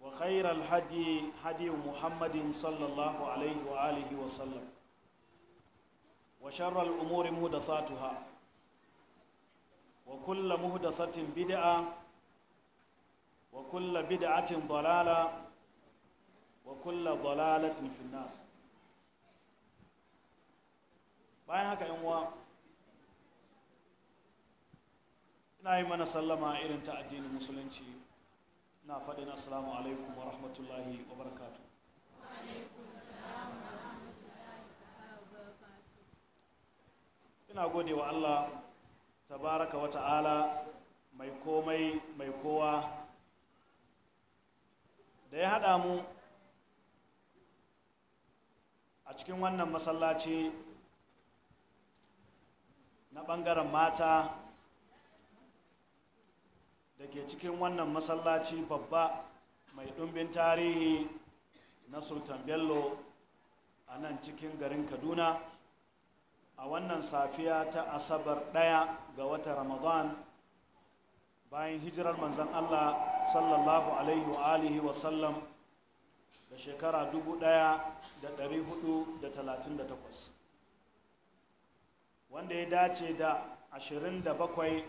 وخير الهدي هدي محمد صلى الله عليه وآله وسلم وشر الأمور مهدثاتها وكل مهدثة بدعة وكل بدعة ضلالة وكل ضلالة في النار bayan haka yan uwa ina yi mana sallama irin ta addinin musulunci na faɗin assalamu alaikum wa rahmatullahi wa barakatu ina gode wa Allah tabaraka wa ta'ala mai komai mai kowa da ya haɗa mu a cikin wannan masallaci na ɓangaren mata da ke cikin wannan masallaci babba mai ɗumbin tarihi na sultan bello a nan cikin garin kaduna a wannan safiya ta asabar ɗaya ga wata ramadan bayan hijirar manzan allah sallallahu alaihi wa alihi wasallam da shekara 1438 wanda ya dace da 27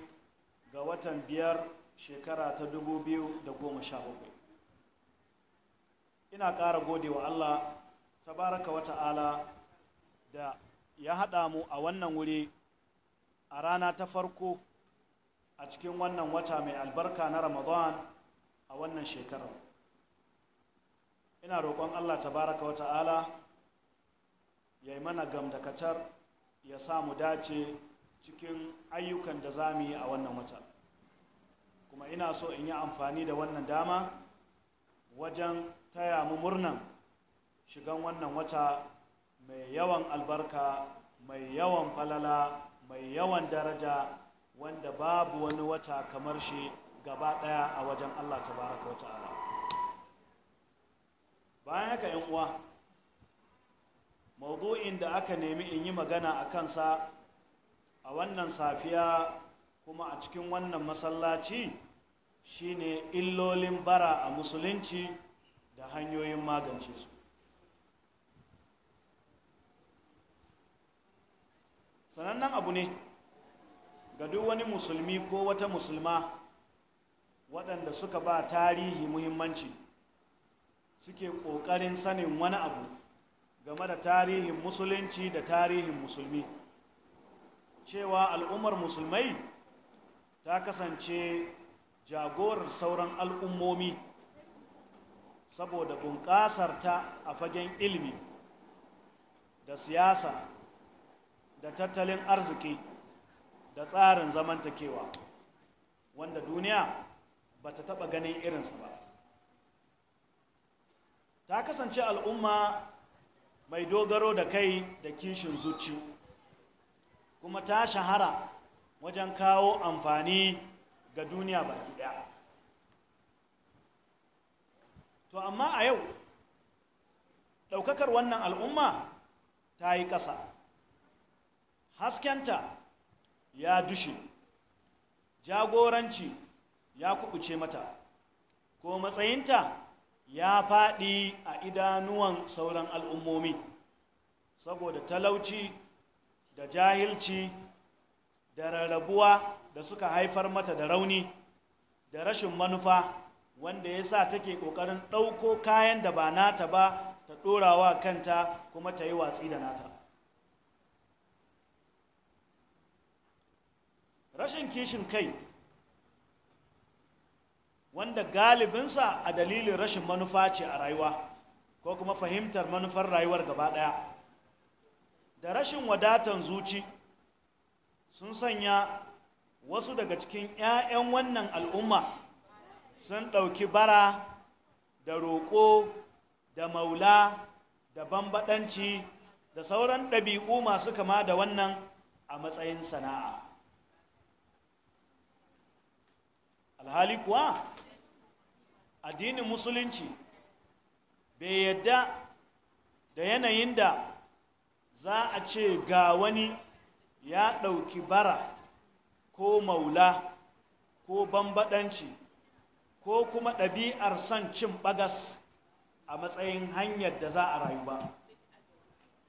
ga watan biyar shekara ta 2017 ina ƙara gode wa Allah baraka wa ta'ala da ya haɗa mu a wannan wuri a rana ta farko a cikin wannan wata mai albarka na ramadan a wannan shekarar ina roƙon allah ta baraka wa ta'ala ya yi mana gamdakatar ya samu dace cikin ayyukan da za mu yi a wannan wata kuma ina so in yi amfani da wannan dama wajen taya mu murnan shigan wannan wata mai yawan albarka mai yawan falala mai yawan daraja wanda babu wani wata kamar shi gaba daya a wajen allah tabaraka Ala. bayan haka yan uwa maudu'in da aka nemi in yi magana a kansa a wannan safiya kuma a cikin wannan masallaci shine illolin bara a musulunci da hanyoyin magance su sanannen abu ne ga duk wani musulmi ko wata musulma waɗanda suka ba tarihi muhimmanci suke ƙoƙarin sanin wani abu game da tarihin musulunci da tarihin musulmi cewa al'ummar musulmai ta kasance jagorar sauran al'ummomi saboda bunƙasar ta a fagen ilimi da siyasa da tattalin arziki da tsarin zamantakewa wanda duniya ba ta taɓa ganin irinsa ba ta kasance al'umma mai dogaro da kai da kishin zuci kuma ta shahara wajen kawo amfani ga duniya baki daya to amma a yau ɗaukakar wannan al'umma ta yi ƙasa haskenta ya dushe jagoranci ya kubuce mata ko matsayinta ya faɗi a idanuwan sauran al'ummomi saboda talauci da jahilci da rarrabuwa da suka haifar mata da rauni da rashin manufa wanda ya sa take ƙoƙarin ɗauko kayan da ba nata ba ta ɗorawa kanta kuma ta yi watsi da nata rashin kishin kai wanda galibinsa a dalilin rashin manufa ce a rayuwa ko kuma fahimtar manufar rayuwar gaba ɗaya da rashin wadatan zuci sun sanya wasu daga cikin 'ya'yan wannan al'umma sun ɗauki bara da roƙo da maula da bambaɗanci da sauran ɗabi'u masu kama da wannan a matsayin sana'a alhali kuwa addinin musulunci bai yadda da yanayin da za a ce ga wani ya ɗauki bara ko maula ko bambadanci ko kuma ɗabi'ar son cin bagas a matsayin hanyar da za a rayu ba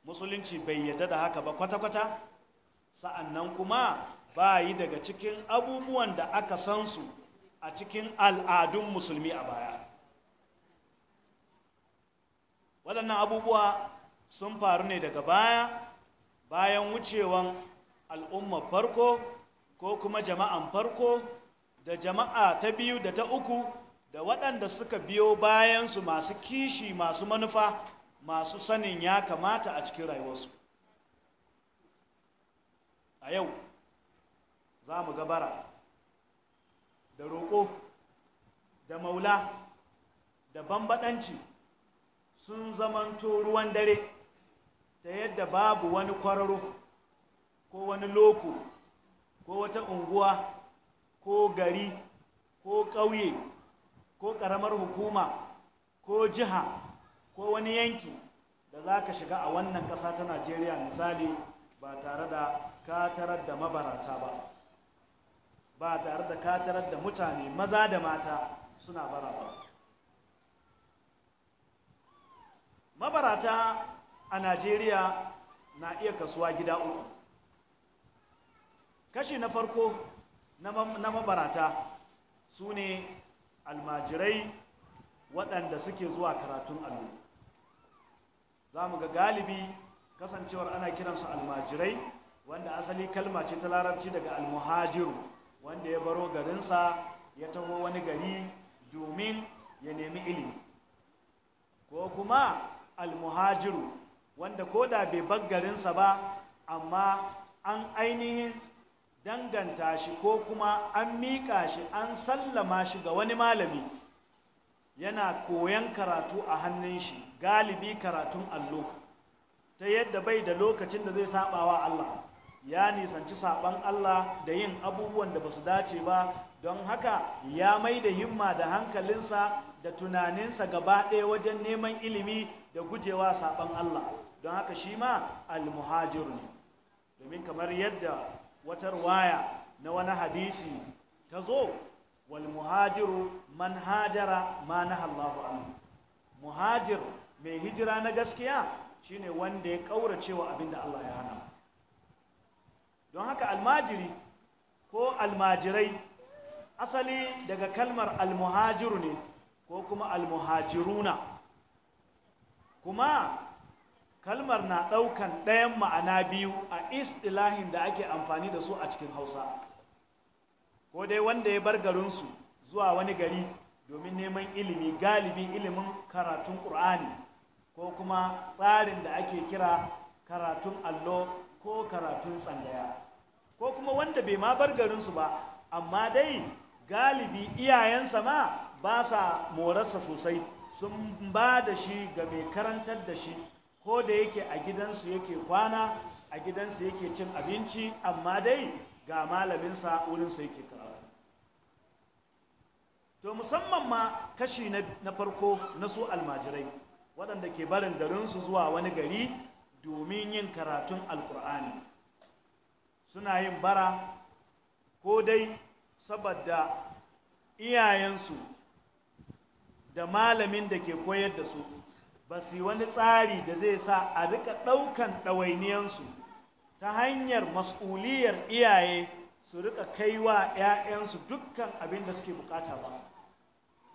musulunci bai yadda da haka ba kwata-kwata sa'annan kuma ba yi daga cikin abubuwan da aka san su a cikin al'adun musulmi a baya waɗannan abubuwa sun faru ne daga baya bayan wucewan al'ummar farko ko kuma jama'an farko da jama'a ta biyu da ta uku da waɗanda suka biyo bayansu masu kishi masu manufa masu sanin ya kamata a cikin rayuwarsu a yau za mu gabara da roƙo da maula da bambaɗanci sun zamanto ruwan dare ta yadda babu wani kwararo ko wani loko ko wata unguwa ko gari ko ƙauye ko ƙaramar hukuma ko jiha ko wani yanki da za ka shiga a wannan ƙasa ta najeriya misali ba tare da katarar da mabarata ba ba tare da katarar da mutane maza da mata suna bara ba mabarata a najeriya na iya kasuwa gida uku kashi na farko na mabarata su ne almajirai waɗanda suke zuwa karatun allo za mu ga galibi kasancewar ana kiransu almajirai wanda asali kalma ce ta larabci daga almuhajiru wanda ya baro garinsa ya taho wani gari domin ya nemi ilimi ko kuma almuhajiru wanda ko da bai bar garinsa ba amma an ainihin danganta shi ko kuma an miƙa shi an sallama shi ga wani malami yana koyon karatu a hannun shi galibi karatun allo ta yadda bai da lokacin da zai sabawa Allah ya nisanci saban Allah da yin abubuwan da ba su dace ba don haka ya mai da himma da hankalinsa da tunaninsa gaba ɗaya wajen neman ilimi da gujewa saban Allah don haka shi ma almuhajiru ne domin kamar yadda wata ruwaya na wani hadisi ta zo wal muhajiru man hajara ma na Allahu anhu muhajir mai hijira na gaskiya shine wanda ya kaura cewa abin da Allah ya hana don haka almajiri ko almajirai asali daga kalmar almuhajiru ne ko kuma almuhajiruna kuma kalmar na ɗaukan ɗayan ma'ana biyu a istilahin da ake amfani da su a cikin hausa ko dai wanda ya bar garinsu zuwa wani gari domin neman ilimi galibi ilimin karatun ƙur'ani ko kuma tsarin da ake kira karatun allo ko karatun tsangaya ko kuma wanda bai ma bar garinsu ba amma dai galibi iyayensa ma ba sa morarsa sosai sun ba da shi ga mai karantar da shi ko da yake a gidansu yake kwana a gidansu yake cin abinci amma dai ga malaminsa wurinsa yake karatu to musamman ma kashi na farko na su almajirai waɗanda ke barin garinsu zuwa wani gari domin yin karatun alkur'ani suna yin bara ko dai saboda iyayensu da malamin da ke koyar da su ba su yi wani tsari da zai sa a rika ɗaukan ɗawainiyansu ta hanyar mas'uliyar iyaye su rika kai wa 'ya'yansu dukkan abin da suke bukata ba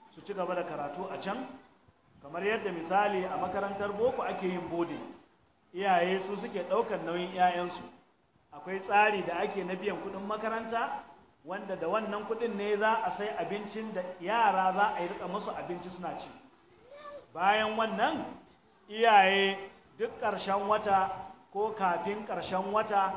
su ci gaba da karatu a can kamar yadda misali a makarantar boko ake yin bodin iyaye su suke ɗaukan nauyin 'ya'yansu akwai tsari da ake na biyan kuɗin makaranta wanda da wannan kuɗin ne za a sai abincin da yara za a yi rika musu abinci suna ci bayan wannan iyaye duk ƙarshen wata ko kafin ƙarshen wata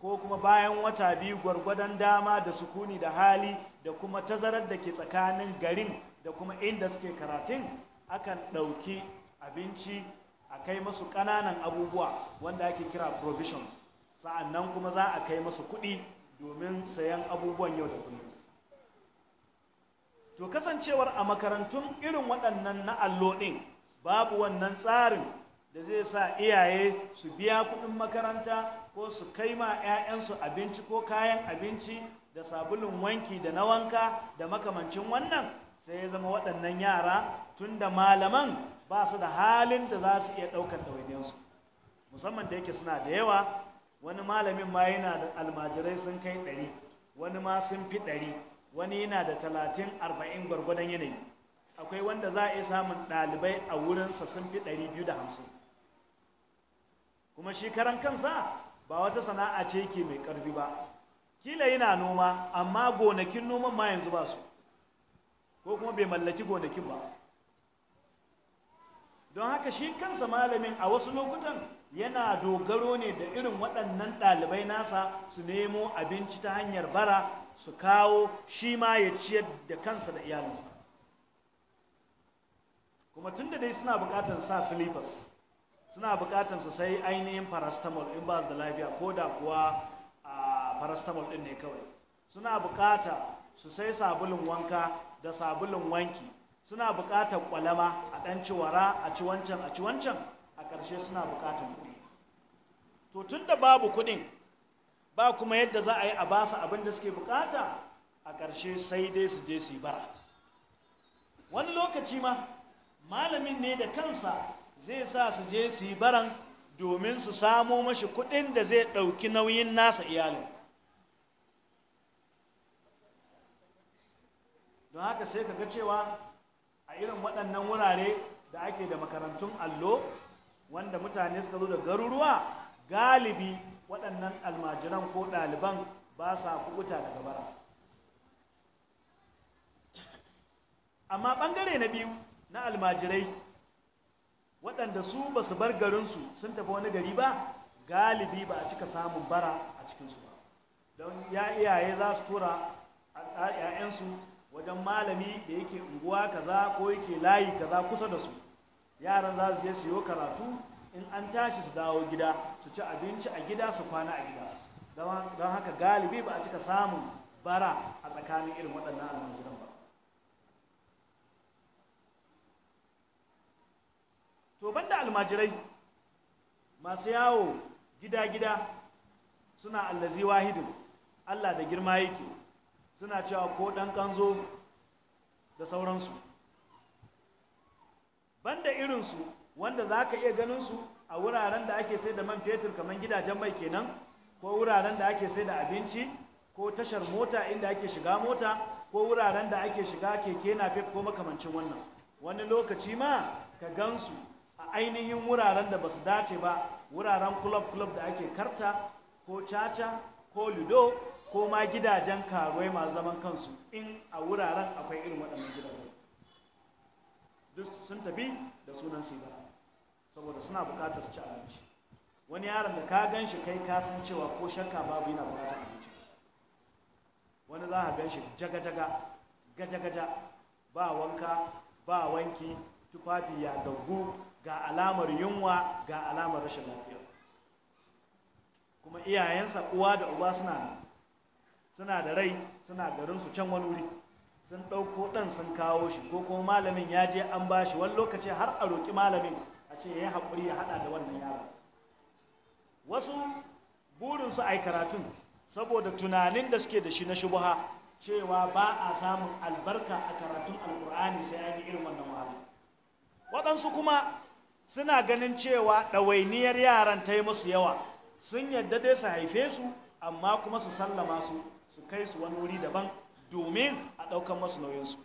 ko kuma bayan wata biyu gwargwadon dama da sukuni da hali da kuma tazarar da ke tsakanin garin da kuma inda suke karatun akan ɗauki abinci a kai masu ƙananan abubuwa wanda ake kira provisions sa'annan kuma za a kai masu kuɗi domin sayan abubuwan yau da kullum to kasancewar a makarantun irin waɗannan na allo ɗin babu wannan tsarin da zai sa iyaye su biya kuɗin makaranta ko su kai ma 'ya'yansu abinci ko kayan abinci da sabulun wanki da na wanka da makamancin wannan sai ya zama waɗannan yara tun da malaman ba su da halin da za su iya ɗaukar ɗawainiyarsu musamman da yake suna da yawa wani malamin ma yana da almajirai sun kai ɗari wani ma sun fi ɗari wani yana da talatin arba'in gwargwadon yanayi akwai wanda za a iya samun ɗalibai a wurinsa sun fi ɗari biyu da hamsin kuma shi karan kansa ba wata sana'a ce ke mai ƙarfi ba kila yana noma amma gonakin noman ma yanzu ba su ko kuma bai mallaki gonakin ba don haka shi kansa malamin a wasu lokutan yana dogaro ne da irin waɗannan ɗalibai nasa su nemo abinci ta hanyar bara su kawo shi ma ya ciyar da kansa da iyalinsa kuma tun da dai suna bukatar sa silifas suna bukatar su sai ainihin parastamol in ba su da lafiya ko da kuwa a ɗin din ne kawai suna bukata su sai sabulun wanka da sabulun wanki suna bukatar kwalama a dan ciwara a ci wancan a ci wancan a ƙarshe suna bukatar kuɗi to tun da babu kuɗin ba kuma yadda za a yi a basu abin da suke bukata a ƙarshe sai dai su je su bara wani lokaci ma malamin ne da kansa zai sa su je su yi baran domin su samo mashi kuɗin da zai ɗauki nauyin nasa iyalin don haka sai ka ga cewa a irin waɗannan wurare da ake da makarantun allo wanda mutane suka zo da garuruwa galibi waɗannan almajiran ko ɗaliban ba sa kubuta daga bara amma ɓangare na biyu na almajirai waɗanda su ba su bar garinsu sun tafi wani gari ba galibi ba a cika samun bara a cikinsu ba don ya iyaye za su tura ‘ya'yansu wajen malami da yake unguwa kaza ko yake layi kaza kusa da su yaran za su je siyo karatu in an tashi su dawo gida su ci abinci a gida su kwana a gida don haka galibi ba a cika samun bara a tsakanin irin waɗannan almajiran ba to banda almajirai masu yawo gida-gida suna allazi wahidin allah da girma yake suna cewa ko ɗan kanzo da sauransu banda irinsu wanda za ka iya ganin su a wuraren da ake sai da man fetur kamar gidajen mai kenan ko wuraren da ake sai da abinci ko tashar mota inda ake shiga mota ko wuraren da ake shiga keke na fef ko makamancin wannan wani lokaci ma ka gan su a ainihin wuraren da ba su dace ba wuraren club club da ake karta ko caca ko ludo ko ma gidajen karuwai masu zaman kansu in a wuraren akwai irin waɗannan gidajen duk sun tafi da sunan sigara saboda suna bukatar su ci abinci wani yaron da ka gan shi kai ka san cewa ko shakka babu yana bukatar abinci wani za a gan shi jaga-jaga gaja-gaja ba wanka ba wanki tufafi ya dagu ga alamar yunwa ga alamar rashin lafiya kuma iyayensa uwa da uba suna suna da rai suna garin su can wani wuri sun ɗauko ɗan sun kawo shi ko kuma malamin ya je an ba shi wani lokaci har a roƙi malamin ce ya haƙuri ya haɗa da wannan yara wasu burinsu a yi karatun saboda tunanin da suke da shi na shubuha cewa ba a samun albarka a karatun Alƙur'ani sai an yi irin wannan wahala waɗansu kuma suna ganin cewa ɗawainiyar yaran ta yi musu yawa sun yadda dai su haife su amma kuma su sallama su su kai su wani wuri daban domin a ɗaukar masu nauyinsu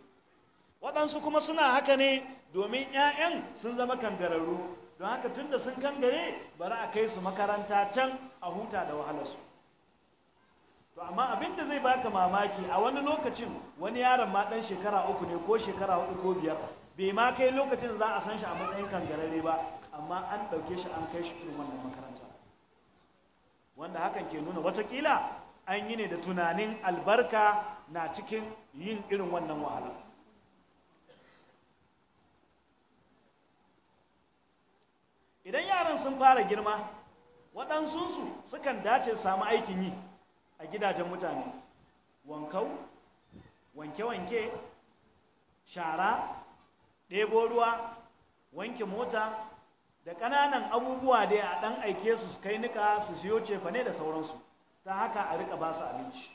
waɗansu kuma suna haka ne domin 'ya'yan sun zama kangararru don haka tun da sun kangare bari a kai su makaranta can a huta da wahalarsu to amma abin da zai baka mamaki a wani lokacin wani yaron ma ɗan shekara uku ne ko shekara hudu ko biyar bai ma kai lokacin za a san shi a matsayin kangarare ba amma an ɗauke shi an kai shi irin wannan makaranta wanda hakan ke nuna watakila an yi ne da tunanin albarka na cikin yin irin wannan wahala idan yaran sun fara girma waɗansunsu sukan dace samu aikin yi a gidajen mutane wankau wanke-wanke shara ɗebo ruwa wanke mota da ƙananan abubuwa dai a ɗan aike su kai nika su siyo cefane da sauransu ta haka a riƙa ba su abinci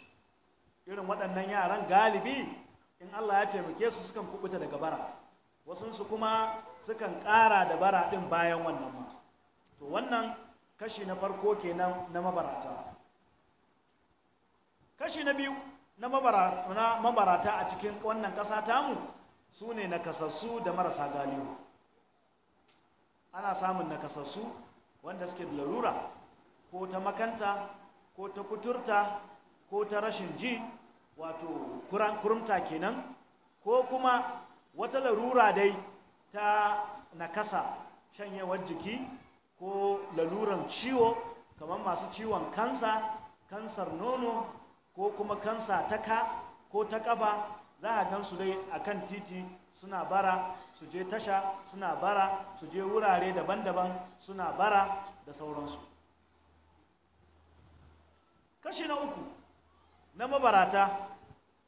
irin waɗannan yaran galibi in allah ya taimake su sukan kubuta daga bara wasunsu kuma sukan ƙara da bara ɗin bayan wannan ma to wannan kashi na farko kenan na mabarata kashi na biyu na mabarata a cikin wannan ƙasa tamu su ne nakasassu da marasa galihu ana samun nakasassu wanda suke da larura ko ta makanta ko ta kuturta ko ta rashin ji wato kurumta kenan ko kuma wata larura dai ta nakasa shan shanyewar jiki ko laluran ciwo kamar masu ciwon kansa kansar nono ko kuma kansa ta ka ko ta ƙafa za a gan su dai a kan titi suna bara su je tasha suna bara su je wurare daban-daban suna bara da sauransu kashi na uku na mabarata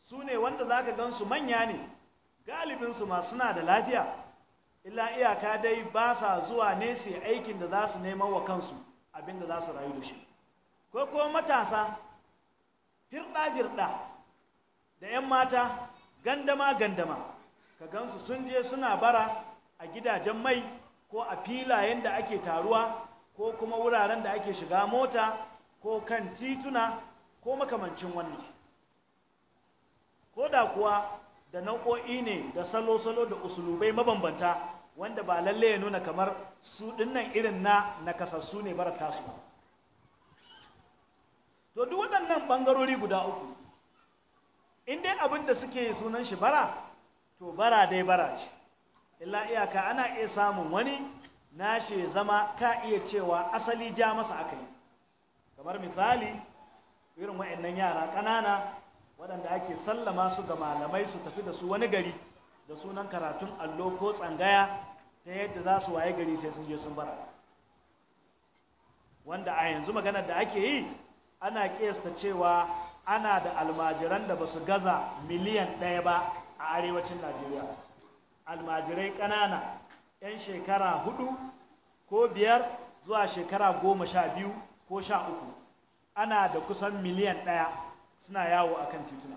su ne wanda za ka gan su manya ne galibinsu ma suna da lafiya illa iyaka dai ba sa zuwa ne su aikin da za su neman wa kansu abin da za su rayu da shi ko kuma matasa hirɗa-hirɗa da 'yan mata gandama-gandama ka gansu sun je suna bara a gidajen mai ko a filayen da ake taruwa ko kuma wuraren da ake shiga mota ko kan tituna ko makamancin wannan ko da kuwa da nau'o'i ne da salo-salo da usulubai mabambanta wanda ba lalle ya nuna kamar su dinnan irin na nakasassu ne bara tasu to duk waɗannan ɓangarori guda uku in dai abin da suke sunan shi bara to bara dai bara ce illa iyaka ana iya samun wani na nashe zama ka iya cewa asali ja masa aka yi kamar misali irin wa'annan yara ƙanana waɗanda ake sallama su ga malamai su tafi da su wani gari da sunan karatun allo ko tsangaya ta yadda za su waye gari sai sun je sun bara wanda a yanzu maganar da ake yi ana kiyasta cewa ana da almajiran da ba su gaza miliyan ɗaya ba a arewacin najeriya almajirai ƙanana 'yan shekara hudu ko biyar zuwa shekara goma sha biyu ko sha uku ana da kusan miliyan ɗaya suna yawo akan tituna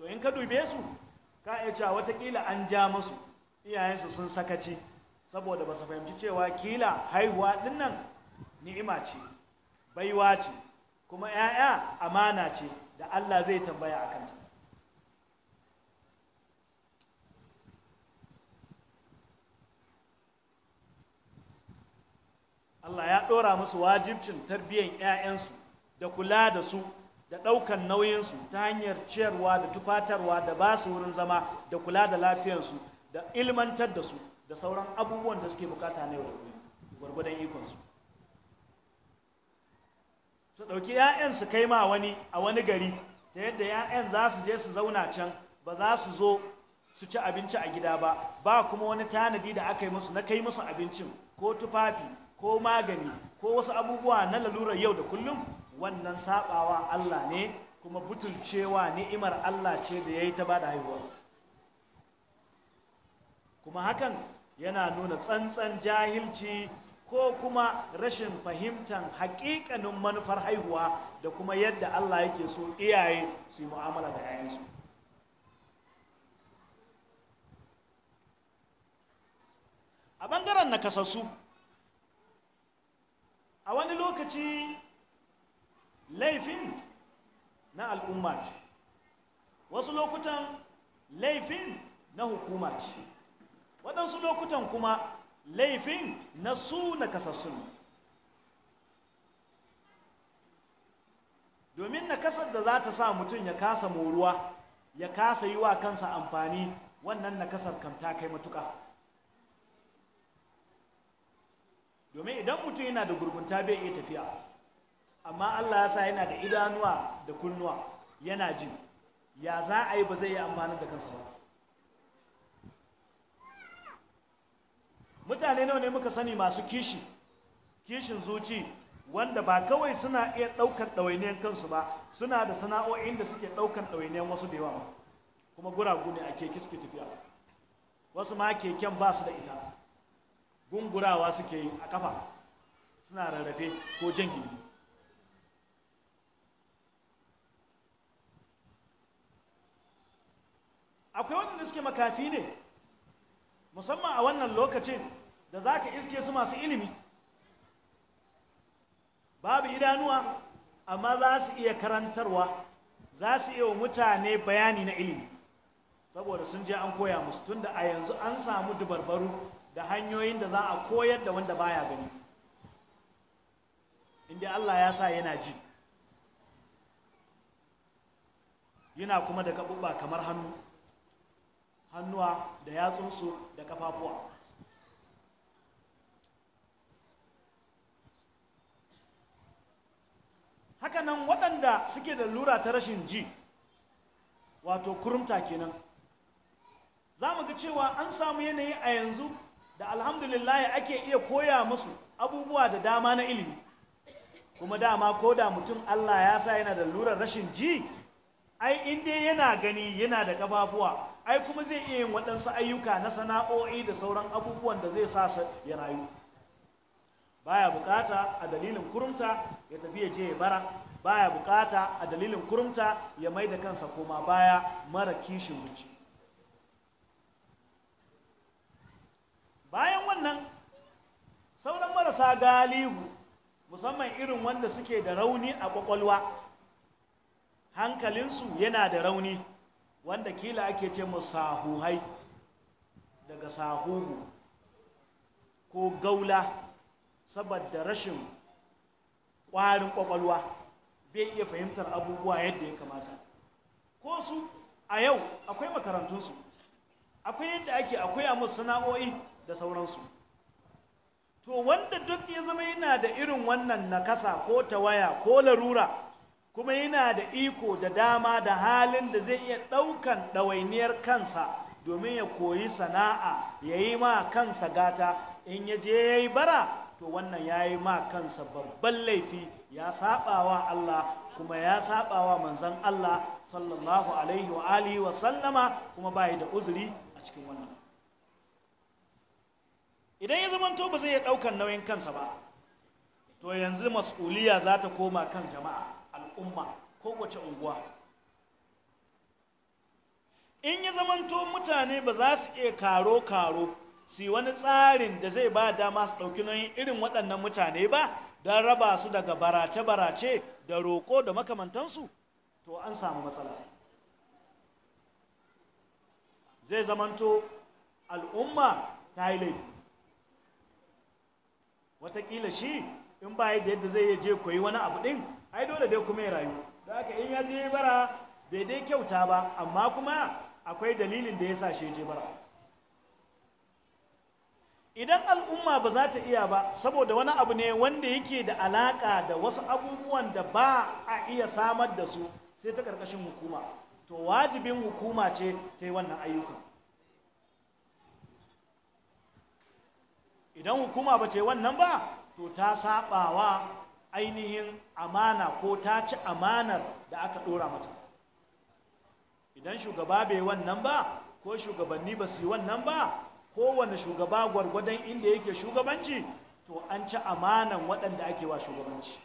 to in ka dube su ka iya cewa watakila an ja musu iyayensu sun sakaci saboda ba su fahimci cewa kila haihuwa dinnan ni'ima ce baiwa ce kuma 'ya'ya amana ce da allah zai tambaya a kanta Allah ya ɗora musu wajibcin tarbiyyar 'ya'yansu da kula da su da ɗaukan nauyinsu ta hanyar ciyarwa da tufatarwa da ba su wurin zama da kula da lafiyarsu da ilmantar da su da sauran abubuwan da suke bukata na yau da gwargwadon ikonsu su ɗauki 'ya'yan su kai ma wani a wani gari ta yadda 'ya'yan za su je su zauna can ba za su zo su ci abinci a gida ba ba kuma wani tanadi da aka yi musu na kai musu abincin ko tufafi ko magani ko wasu abubuwa na lalurar yau da kullum wannan sabawa Allah ne kuma butulcewa ni'imar Allah ce da ya yi ta ba da haihuwa kuma hakan yana nuna tsantsan jahilci ko kuma rashin fahimtar haƙiƙanin manufar haihuwa da kuma yadda Allah yake so iyaye su yi mu'amala da 'ya'yansu a ɓangaren nakasassu a wani lokaci laifin na al'umma ce wasu lokutan laifin na hukuma ce waɗansu lokutan kuma laifin na su na kasassun domin na kasar da za ta sa mutum ya kasa moruwa ya kasa yi wa kansa amfani wannan na kasar kamta ta kai matuƙa domin idan mutum yana da gurgunta bai iya tafiya amma Allah ya sa yana da idanuwa da kunnuwa yana ji ya za a yi ba zai yi amfani da kansa ba mutane nawa ne muka sani masu kishi kishin zuci wanda ba kawai suna iya ɗaukar ɗawainiyar kansu ba suna da sana'o'in da suke ɗaukar ɗawainiyar wasu da yawa kuma guragu ne a keke suke tafiya wasu ma keken ba su da ita gungurawa suke yi a kafa suna rarrafe ko jan gini. akwai waɗanda suke makafi ne musamman a wannan lokacin da za ka iske su masu ilimi babu idanuwa amma za su iya karantarwa za su iya mutane bayani na ilimi saboda sun je an koya musu tunda a yanzu an samu dubarbaru da hanyoyin da za a koyar da wanda baya gani inda Allah ya sa yana ji yana kuma da gaɓuɓɓa kamar hannu hannuwa da yatsunsu da kafafuwa hakanan waɗanda suke da lura ta rashin ji wato kurumta kenan za mu ga cewa an samu yanayi a yanzu da alhamdulillah ake iya koya musu abubuwa da dama na ilimi kuma dama ko da mutum Allah ya sa yana da lurar rashin ji ai in dai yana gani yana da kafafuwa ai kuma zai iya yin waɗansu ayyuka na sana'o'i da sauran abubuwan da zai sa ya rayu baya bukata a dalilin kurumta ya tafi ya je ya bara baya bukata a dalilin kurumta ya mai da kansa koma baya mara kishin wuce bayan wannan sauran marasa galihu musamman irin wanda suke da rauni a kwakwalwa hankalinsu yana da rauni wanda kila ake ce hai daga sahuhu ko gaula saboda rashin ƙwarin kwakwalwa bai iya fahimtar abubuwa yadda ya kamata ko su a yau akwai makarantunsu akwai yadda ake akwai a musu sana'o'i da sauransu to wanda duk ya zama yana da irin wannan nakasa ko ta waya ko larura kuma yana da iko da dama da halin da zai iya ɗaukan ɗawainiyar kansa domin ya koyi sana'a ya yi ma kansa gata in ya je ya yi bara to wannan ya yi ma kansa babban laifi ya saɓawa Allah kuma ya saɓawa manzan Allah sallallahu alaihi wa alihi wa sallama kuma bai da uzuri a cikin wannan idan ya zamanto ba zai iya ɗaukan nauyin kansa ba to yanzu mas'uliya za ta koma kan jama'a al'umma ko unguwa in ya zamanto mutane ba za su iya karo-karo su wani tsarin da zai ba dama su ɗauki nauyin irin waɗannan mutane ba don raba su daga barace-barace da roƙo da makamantansu to an samu matsala zai zamanto al'umma ta yi laifi watakila shi in ba yadda yadda zai je koyi wani abu din ai dole dai kuma ya rayu da haka in ya je bara bai dai kyauta ba amma kuma akwai dalilin da ya sa shi je bara idan al'umma ba za ta iya ba saboda wani abu ne wanda yake da alaka da wasu abubuwan da ba a iya samar da su sai ta karkashin hukuma to wajibin hukuma ce ta yi wannan ayyukan idan hukuma ba ce wannan ba to ta sabawa ainihin amana ko ta ci amanar da aka dora mata idan shugaba bai wannan ba ko shugabanni ba su yi wannan ba kowane shugaba gwargwadon inda yake shugabanci to an ci amanan waɗanda ake wa shugabanci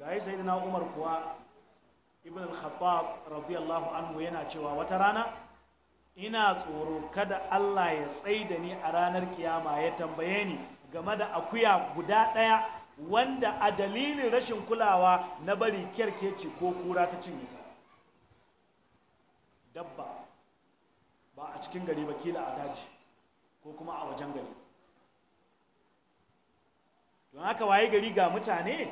ga sai na umar kuwa ibn al-khattab radiyallahu anhu yana cewa wata rana ina tsoro kada Allah ya tsai da ni a ranar kiyama ya tambaye ni game da akuya guda ɗaya wanda a dalilin rashin kulawa na bari kyarkeci ko kura ta cinye dabba ba a cikin gari ba kila a daji ko kuma a wajen gari don haka waye gari ga mutane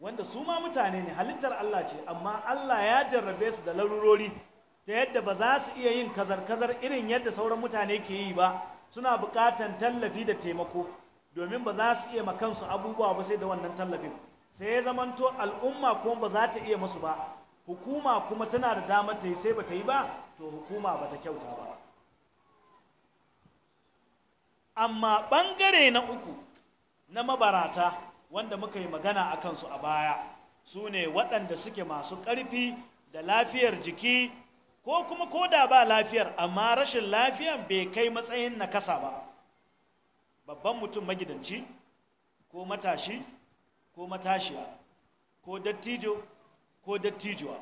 wanda su ma mutane ne halittar Allah ce amma Allah ya jarrabe su da larurori ta yadda ba za su iya yin kazar-kazar irin yadda sauran mutane ke yi ba suna buƙatan tallafi da taimako domin ba za su iya makansu abubuwa ba sai da wannan tallafi sai ya zamanto al'umma kuma ba za ta iya musu ba hukuma kuma tana da damar ta yi sai ba ta yi ba to hukuma ba ta kyauta ba amma ɓangare na uku na mabarata wanda muka yi magana a kansu a baya su ne waɗanda suke masu ƙarfi da lafiyar jiki ko kuma ko da ba lafiyar amma rashin lafiyar bai kai matsayin nakasa ba babban mutum magidanci ko matashi ko matashiya ko dattijo ko dattijuwa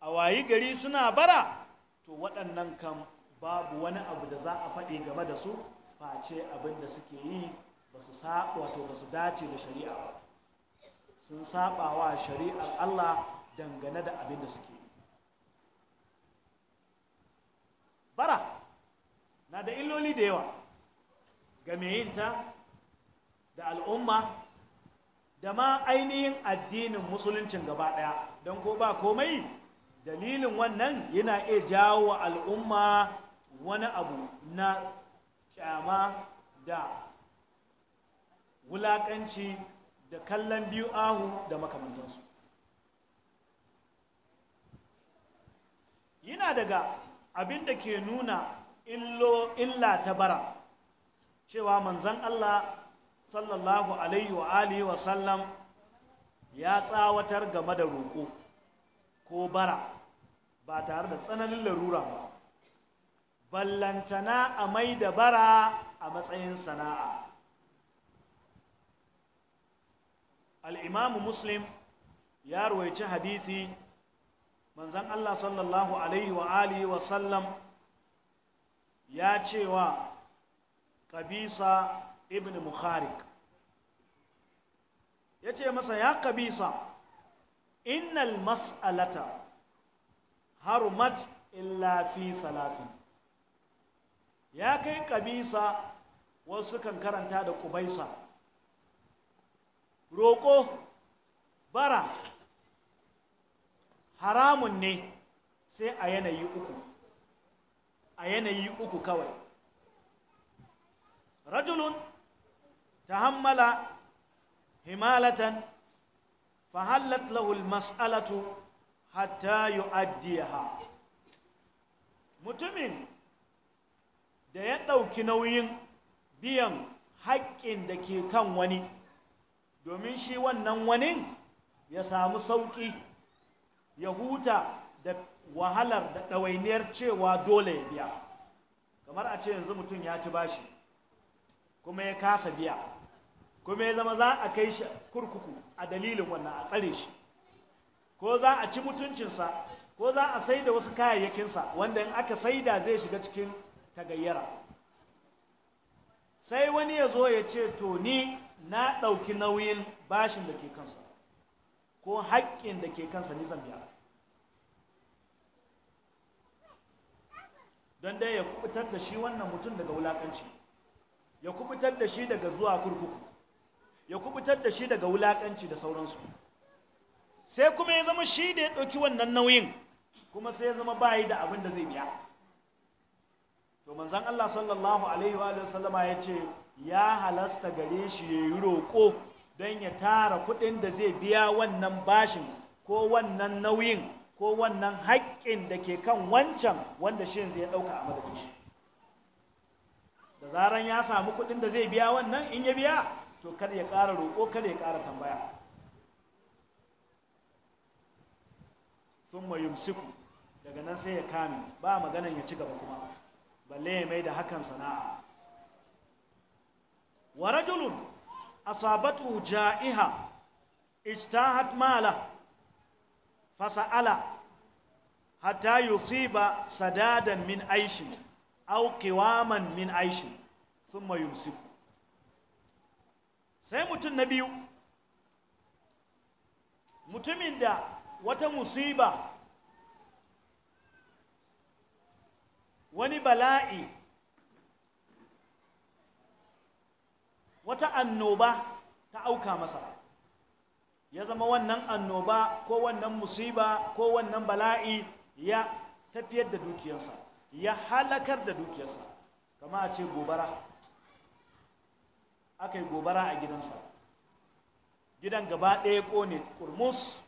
a wayi gari suna bara to waɗannan kan babu wani abu da za a faɗi game da su face abin da suke yi ba su ba su dace da shari'a ba sun saɓa wa shari'ar Allah dangane da abin da suke bara na da illoli da yawa ga yinta da al'umma da ma ainihin addinin musuluncin gaba ɗaya don ko ba komai dalilin wannan yana iya jawo wa al'umma wani abu na kyama da wulakanci da kallon biyu ahu da makamantansu yana daga abinda ke nuna illo illa ta bara cewa manzan Allah sallallahu alaihi wa alihi wa sallam ya tsawatar game da roƙo ko bara ba tare da tsananin larura ba ballantana a mai da bara a matsayin sana'a al'imamu muslim ya ruwaici hadithi manzan Allah sallallahu alaihi wa alihi wa sallam ya cewa kabisa ibn mukharik ya ce masa ya kabisa innal mas'alata harumat illa fi salatin ya kai kabisa wasu kan karanta da kubaisa roƙo bara haramun ne sai a yanayi uku a yanayi uku kawai rajulun tahammala himalatan fahallat lahul mas'alatu hatta yu'addiha mutumin da ya ɗauki nauyin biyan haƙƙin da ke kan wani domin shi wannan wani ya samu sauƙi ya huta da wahalar da ɗawainiyar cewa dole ya biya kamar a ce yanzu mutum ya ci bashi kuma ya kasa biya kuma ya zama za a kai shi kurkuku a dalilin wannan a tsare shi ko za a ci mutuncinsa ko za a sai da wasu kayayyakinsa wanda in aka saida zai shiga cikin tagayyara sai wani ya zo ya ce to ni na ɗauki nauyin bashin da ke kansa ko haƙƙin da ke kansa ne zan biya don dai ya kubutar da shi wannan mutum daga wulakanci ya kubutar da shi daga zuwa kurkuku ya kubutar da shi daga wulakanci da sauransu sai kuma ya zama shi da ya ɗauki wannan nauyin kuma sai ya zama bayi da abin da zai biya to manzan Allah sallallahu alaihi wa sallama ya ce ya halasta gare shi ya yi roƙo don ya tara kuɗin da zai biya wannan bashin ko wannan nauyin ko wannan haƙƙin da ke kan wancan wanda shin zai ɗauka a madadin da zaran ya samu kuɗin da zai biya wannan in ya biya to kar ya ƙara roƙo kar ya ƙara tambaya Sun mayum yumsiku daga nan sai ya kame ba maganan ya ci gaba kuma balle ya mai da hakan sana'a wa rajulun asabatu ja'iha ijtahat mala fasa'ala hatta yusiba sadadan min Aishi aw qiwaman min aishin thumma yumsiku sai mutum na biyu mutumin da wata musiba wani bala'i wata annoba ta auka masa ya zama wannan annoba ko wannan musiba ko wannan bala'i ya tafiyar da dukiyarsa ya halakar da dukiyarsa kama a ce gobara aka yi gobara a gidansa gidan gaba ɗaya ƙone kurmus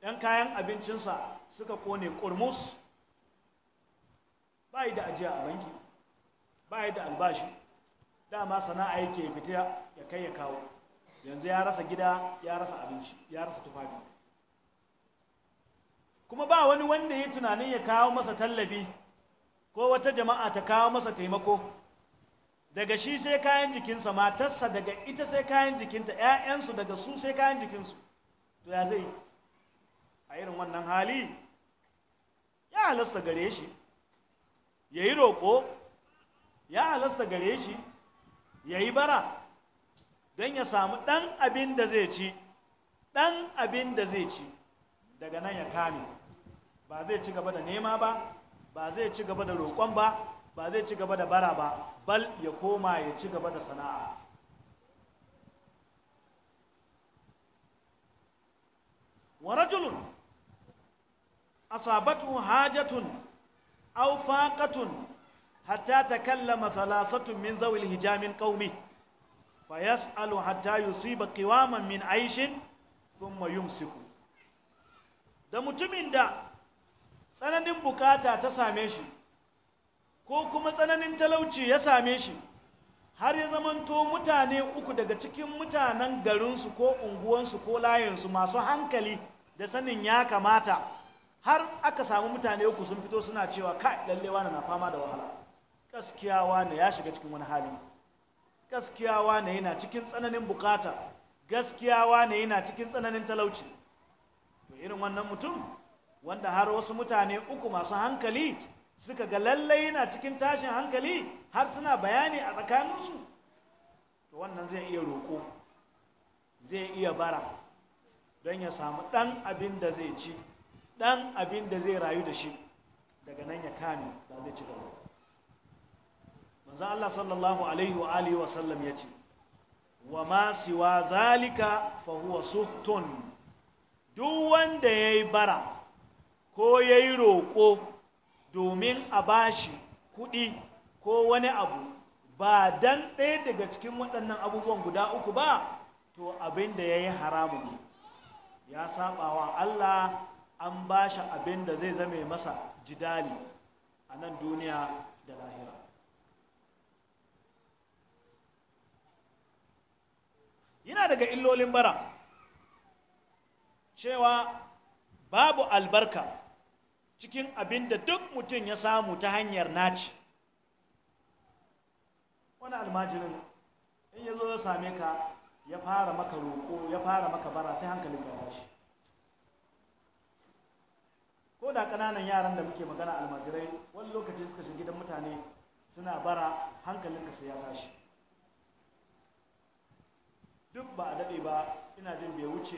ɗan kayan abincinsa suka ƙone kurmus ba yi da ajiya a banki ba ya da albashi dama sana'a yake fita ya kai ya kawo yanzu ya rasa gida ya rasa abinci ya rasa tufafi kuma ba wani wanda ya tunanin ya kawo masa tallafi ko wata jama'a ta kawo masa taimako daga shi sai kayan jikinsa matarsa daga ita sai kayan jikinta 'ya'yansu daga su sai kayan jikinsu to ya zai a irin wannan hali ya halasta gare shi ya yi roƙo ya halasta gare shi ya yi bara don ya samu ɗan abin da zai ci ɗan abin da zai ci daga nan ya kame ba zai ci gaba da nema ba ba zai ci gaba da roƙon ba ba zai ci gaba da bara ba bal ya koma ya ci gaba da sana'a wa asabatu hajatun aw faqatun hatta takallama thalathatu min zawil hijamin qaumi fayas'alu hatta ba kiwaman min aishin thumma yumsiku da mutumin da tsananin bukata ta same shi ko kuma tsananin talauci ya same shi har ya zamanto mutane uku daga cikin mutanen garinsu ko unguwansu ko layinsu masu hankali da sanin ya kamata har aka samu mutane uku sun fito suna cewa kai lallewa na fama da wahala gaskiya wane ya shiga cikin wani hali gaskiya wane yana cikin tsananin bukata gaskiya wane yana cikin tsananin talauci to irin wannan mutum wanda har wasu mutane uku masu hankali suka ga lallai yana cikin tashin hankali har suna bayani a tsakaninsu to wannan zai iya roƙo zai iya bara don ya samu ɗan abin da zai ci ɗan abin da zai rayu da shi daga nan ya kame ba zai ci gaba manzo Allah sallallahu alaihi wa alihi wa sallam yace wa ma siwa zalika fa huwa suhtun duk wanda yayi bara ko yayi roko domin a bashi kuɗi ko wani abu ba dan ɗaya daga cikin waɗannan abubuwan guda uku ba to abin da yayi haramun ya wa Allah an bashi abin da zai zame masa jidali a nan duniya da lahira yana daga illolin bara cewa babu albarka cikin abin da duk mutum ya samu ta hanyar naci wani almajirin in ya zo ya same ka ya fara maka roƙo ya fara maka bara sai hankalin ya tashi ko da ƙananan yaran da muke magana almajirai wani lokaci suka shiga gidan mutane suna bara hankalinka sai ya tashi duk ba a daɗe ba ina jin bai wuce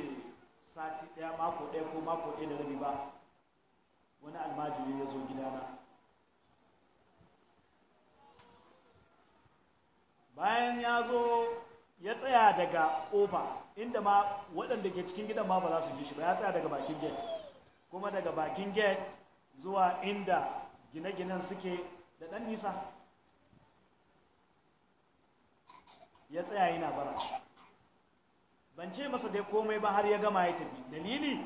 sati ɗaya mako ɗaya ko mako ɗaya da rabi ba wani almajiri ya zo gidana bayan ya zo ya tsaya daga ƙofa inda ma waɗanda ke cikin gidan ma ba za su ji shi ba ya tsaya daga bakin gate kuma daga bakin gate zuwa inda gine-ginen suke da ɗan nisa ya tsaya yana bara ban ce masa dai komai ba har ya gama ya tafi dalili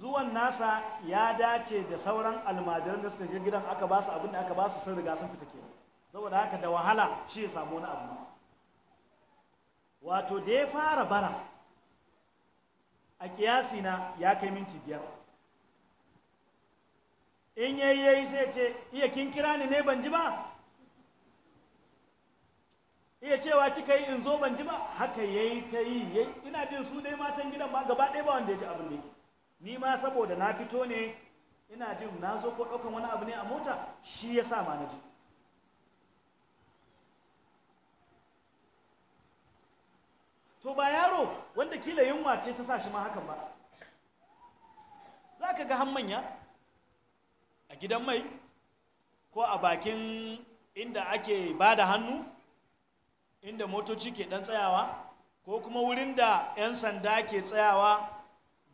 zuwan nasa ya dace da sauran almajiran da suka ga gidan aka ba su abin da aka ba su sun riga sun fita kenan saboda haka da wahala shi ya samu wani abu wato da ya fara bara a kiyasi na ya kai minti biyar in yayi yayi sai ce iya kin kira ni ne ban ji ba iya cewa kika yi in zo ban ji ba haka yayi ta yi ina jin su dai matan gidan ma gaba ɗaya ba wanda ya ji abin da yake ni ma saboda na fito ne ina jin na zo ko ɗaukan wani abu ne a mota shi ya sa ma na ji to ba yaro wanda kila yunwa ce ta sa shi ma hakan ba za ka ga manya a gidan mai ko a bakin inda ake ba da hannu inda motoci ke dan tsayawa ko kuma wurin da 'yan sanda ke tsayawa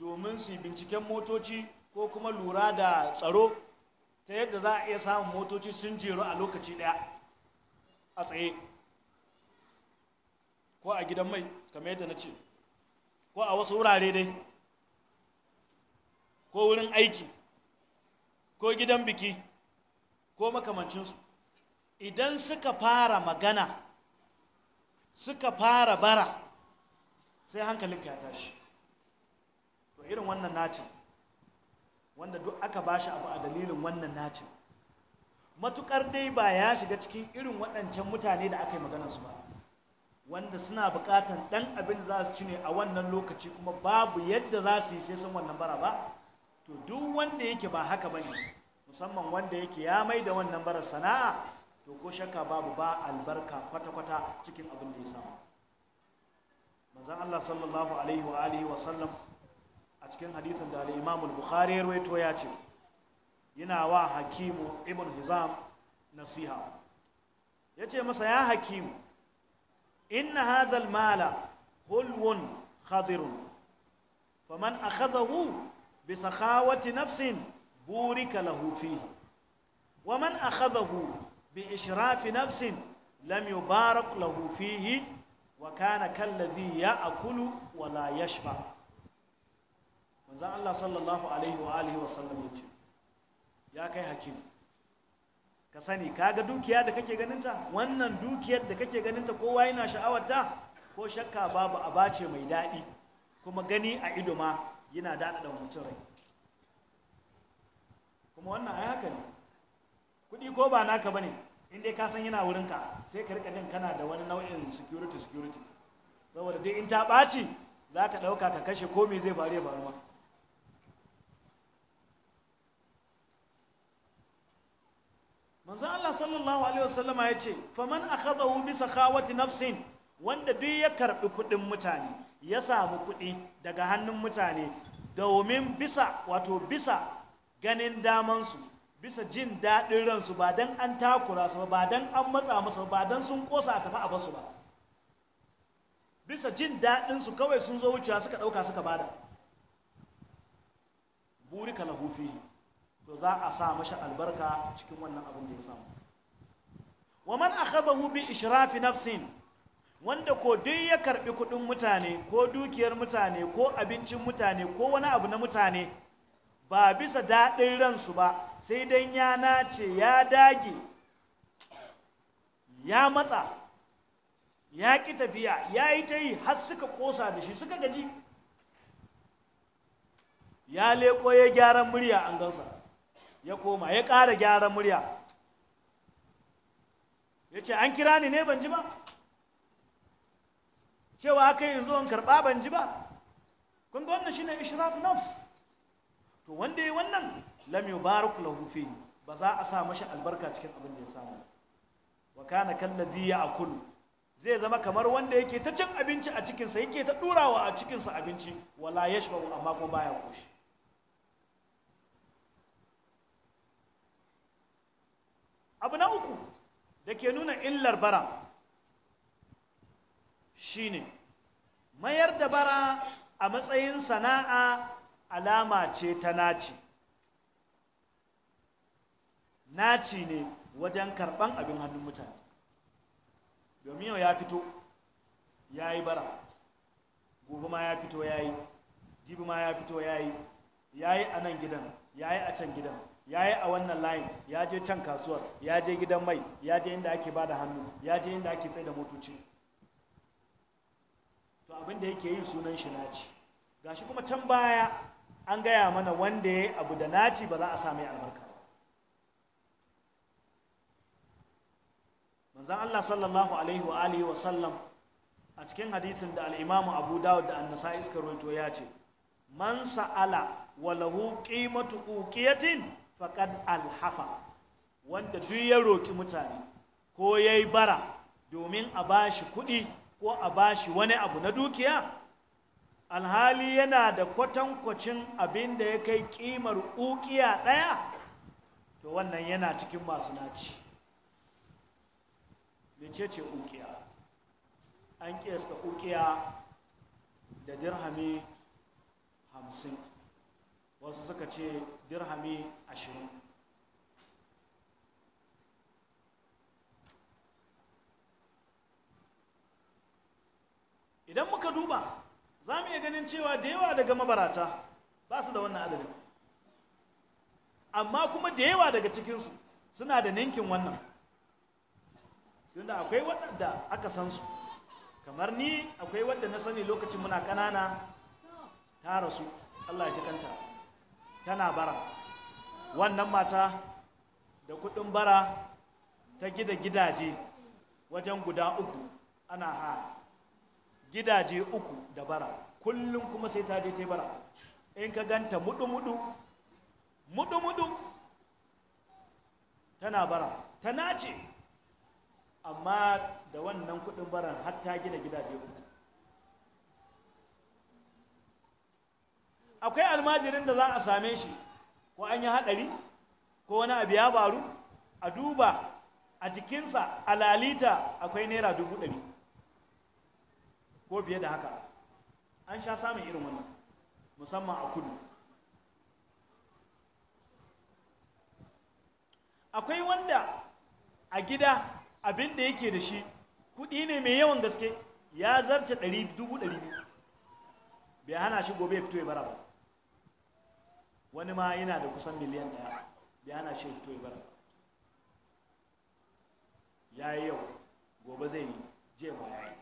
domin su binciken motoci ko kuma lura da tsaro ta yadda za a iya samun motoci sun jeru a lokaci daya a tsaye ko a gidan mai kamar yadda na ce ko a wasu wurare dai ko wurin aiki ko gidan biki ko makamancinsu idan suka fara magana suka fara bara sai hankalinka ya tashi to irin wannan nacin wanda duk aka shi abu a dalilin wannan nacin matukar dai ba ya shiga cikin irin waɗancan mutane da aka yi maganarsu ba wanda suna buƙatan ɗan abin da za su ci ne a wannan lokaci kuma babu yadda za su yi sai sun wannan bara ba to duk wanda yake ba haka ba ne musamman wanda yake ya mai da wannan bara sana'a to ko shakka babu ba albarka kwata-kwata cikin abin da ya samu manzan Allah sallallahu alaihi wa alihi wa sallam a cikin hadisin da al bukhari ya rawaito ya ce yana wa Hakimu ibn Hizam nasiha yace masa ya Hakimu inna hadha mala hulwun khadirun faman akhadahu bi sakhawati nafsin burika lahu fihi wa man akhadahu bi ishrafi nafsin lam yubarak lahu fihi wa kana kalladhi ya'kulu wa la yashba Allah sallallahu alaihi wa alihi wa sallam ya kai hakim ka sani kaga dukiya da kake ganinta wannan dukiyar da kake ganinta kowa yana sha'awarta ko shakka babu bace mai daɗi kuma gani a ido ma yana daɗaɗa mutum rai kuma wannan ai haka ne kuɗi ko ba naka bane in dai ka san yana ka, sai ka rika jin kana da wani nau'in security security saboda dai in ta ɓaci za ka ɗauka ka kashe ko me zai faru ya faru manzo Allah sallallahu alaihi wasallam ya ce faman akhadahu bi sakhawati nafsin wanda duk ya karbi kuɗin mutane ya samu kuɗi daga hannun mutane domin bisa wato bisa ganin damansu bisa jin daɗin ransu ba don an takura su ba don an matsa masa ba don sun kosa a tafi a basu ba bisa jin daɗin su kawai sun zo wucewa suka ɗauka suka bada burika na hufi to za a sa mashi albarka cikin wannan abin da ya samu wa man akhadahu bi ishrafi nafsin wanda ko duk ya karɓi kuɗin mutane ko dukiyar mutane ko abincin mutane ko wani abu na mutane ba bisa daɗin ransu ba sai dan ya nace ya dage ya matsa ya ƙi tafiya ya yi ta yi har suka ƙosa da shi suka gaji ya leko ya gyaran murya an gansa ya koma ya ƙara gyaran murya ya ce an kira ni ne ban ji ba cewa aka yi zuwan karɓa ban ji ba kun ga shi ne ishraf nafs to wanda ya wannan lam yubarak lahu fi ba za a sa mashi albarka cikin abin da ya samu wa kana kalladhi ya'kul zai zama kamar wanda yake ta cin abinci a cikin yake ta durawa a cikin sa abinci wala yashba'u amma kuma baya koshi abu na uku da ke nuna illar bara shine mayar da bara a matsayin sana'a alama ce ta naci naci ne wajen karban abin hannun mutane domin yau ya fito ya yi bara gobe ma ya fito ya yi jibi ma ya fito ya yi ya yi a nan gidan ya yi a can gidan ya yi a wannan layin ya je can kasuwar ya je gidan mai ya je inda ake ba da hannu ya je inda ake tsaye da motoci to abin da yake yi sunan shi naci gashi kuma can baya an gaya mana wanda ya abu da naci ba za a sami albarka ba manzan Allah sallallahu alaihi wa alihi wa sallam a cikin hadithin da al'imamu abu dawud da annasa iskar wato ya ce man sa'ala wa lahu qimatu uqiyatin faqad alhafa wanda duk ya roki mutane ko yayi bara domin a bashi kuɗi ko a bashi wani abu na dukiya alhali yana da kwatankwacin abin da ya kai kimar ukiya ɗaya to wannan yana cikin masu naci mece ce ukiya an kiyasta ukiya da dirhami hamsin wasu suka ce dirhami ashirin idan muka duba za mu iya ganin cewa da yawa daga mabarata ba su da wannan adadin amma kuma da yawa daga cikinsu suna da ninkin wannan yadda akwai waɗanda aka san su kamar ni akwai wadda na sani lokacin muna ƙanana ta rasu allah ya kanta tana bara wannan mata da kudin bara ta gida gidaje wajen guda uku ana ha gidaje uku da bara kullum kuma sai ta je ta bara in ka ganta mudu-mudu mudu-mudu tana bara ta nace amma da wannan kudin baran har ta gina gidaje uku akwai almajirin da za a same shi ko an yi haɗari ko wani abu ya baru a duba a jikinsa a lalita akwai naira dubu ɗari ko biye da haka an sha samun irin wannan musamman a kudu akwai wanda a gida abin da yake da shi kudi ne mai yawan gaske ya zarce 200,000 bai hana shi gobe fito ya bara ba wani ma yana da kusan miliyan daya bai hana shi fito ya bara ba ya yi yau gobe zai yi je ya yi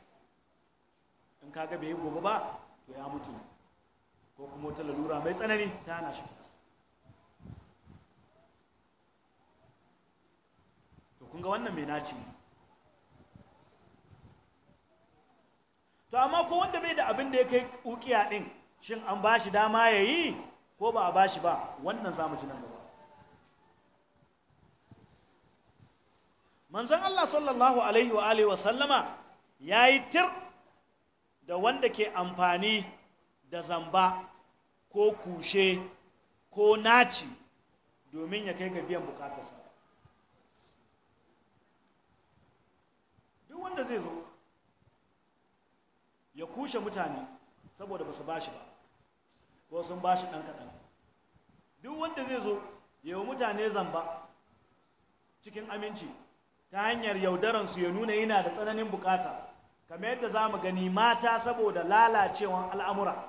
in kaga bai yi gobe ba to ya mutu ko kuma wata lalura mai tsanani ta hana shi to kun ga wannan mai naci to amma ko wanda bai da abin da ya kai ukiya din shin an ba shi dama ya yi ko ba a ba shi ba wannan za mu ji nan gaba manzon Allah sallallahu alaihi wa alihi wa sallama yayi tir da wanda ke amfani da zamba ko kushe ko naci domin ya kai ga biyan bukatarsa duk wanda zai zo ya kushe mutane saboda ba su ba shi ba ko sun ba shi ɗan kaɗan duk wanda zai zo ya yi mutane zamba cikin aminci ta hanyar yaudaransu ya nuna yana da tsananin bukata kamar yadda za mu gani mata saboda lalacewan al'amura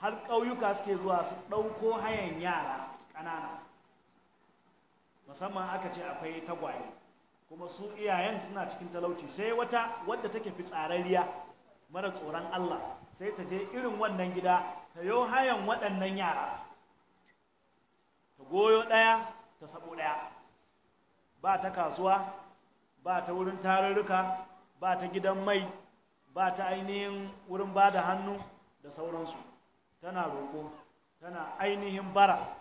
har ƙauyuka suke zuwa su ɗauko hayan yara ƙanana musamman aka ce akwai tagwaye kuma su iyayen suna cikin talauci sai wata wadda take fitsararriya mara tsoron Allah sai ta je irin wannan gida ta yi hayan waɗannan yara ta goyo ɗaya ta sabo ɗaya ba ta kasuwa ba ta wurin tarurruka ba ta gidan mai ba ta ainihin wurin ba da hannu da sauransu tana roƙo tana ainihin bara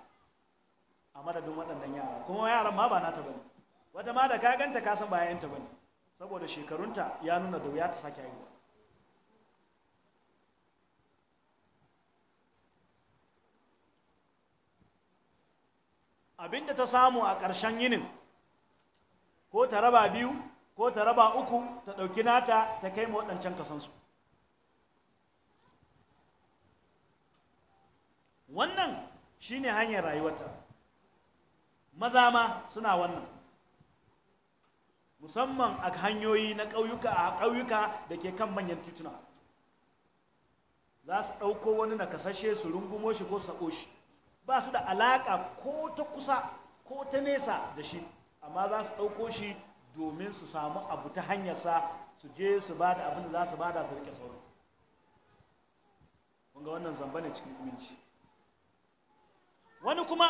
a madadin waɗannan yara kuma yaran ma ba nata bane wata ma da ka ganta ka san ba yayanta bane saboda shekarunta ya nuna da wuya ta sake haihuwa abinda ta samu a ƙarshen yinin ko ta raba biyu ko ta raba uku ta ɗauki nata ta kai ma waɗancan kasansu wannan shine hanyar rayuwata maza ma suna wannan musamman a hanyoyi na ƙauyuka a ƙauyuka da ke kan manyan tituna za su ɗauko wani nakasasshe su rungumo shi ko sako shi ba su da alaƙa ko ta kusa ko ta nesa da shi amma za su ɗauko shi domin su samu abu ta hanyarsa su je su ba da abin da za su ba da su rike sauro ga wannan zamba ne cikin aminci wani kuma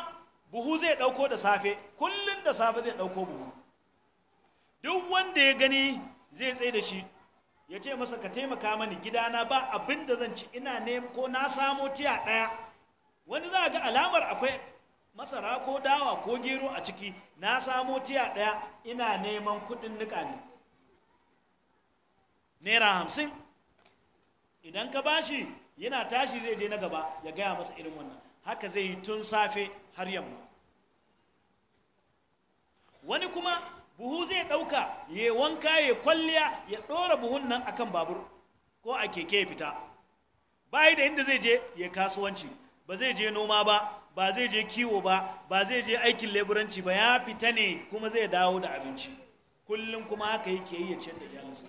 buhu zai ɗauko da safe kullum da safe zai ɗauko buhu duk wanda ya gani zai tsaye da shi ya ce masa ka taimaka mani gidana ba abin da zan ci ina ne ko na samo tiya ɗaya wani za ga alamar akwai masara ko dawa ko gero a ciki na samo tiya ɗaya ina neman kuɗin nika ne naira hamsin idan ka bashi yana tashi zai je na gaba ya gaya masa irin wannan haka zai yi tun safe har yamma wani kuma buhu zai ɗauka ya wanka ya kwalliya ya ɗora buhun nan akan babur ko a keke ya fita bayi da inda zai je ya kasuwanci ba zai je noma ba ba zai je kiwo ba ba zai je aikin leburanci ba ya fita ne kuma zai dawo da abinci kullum kuma haka yake yi ya ciyar da jalinsa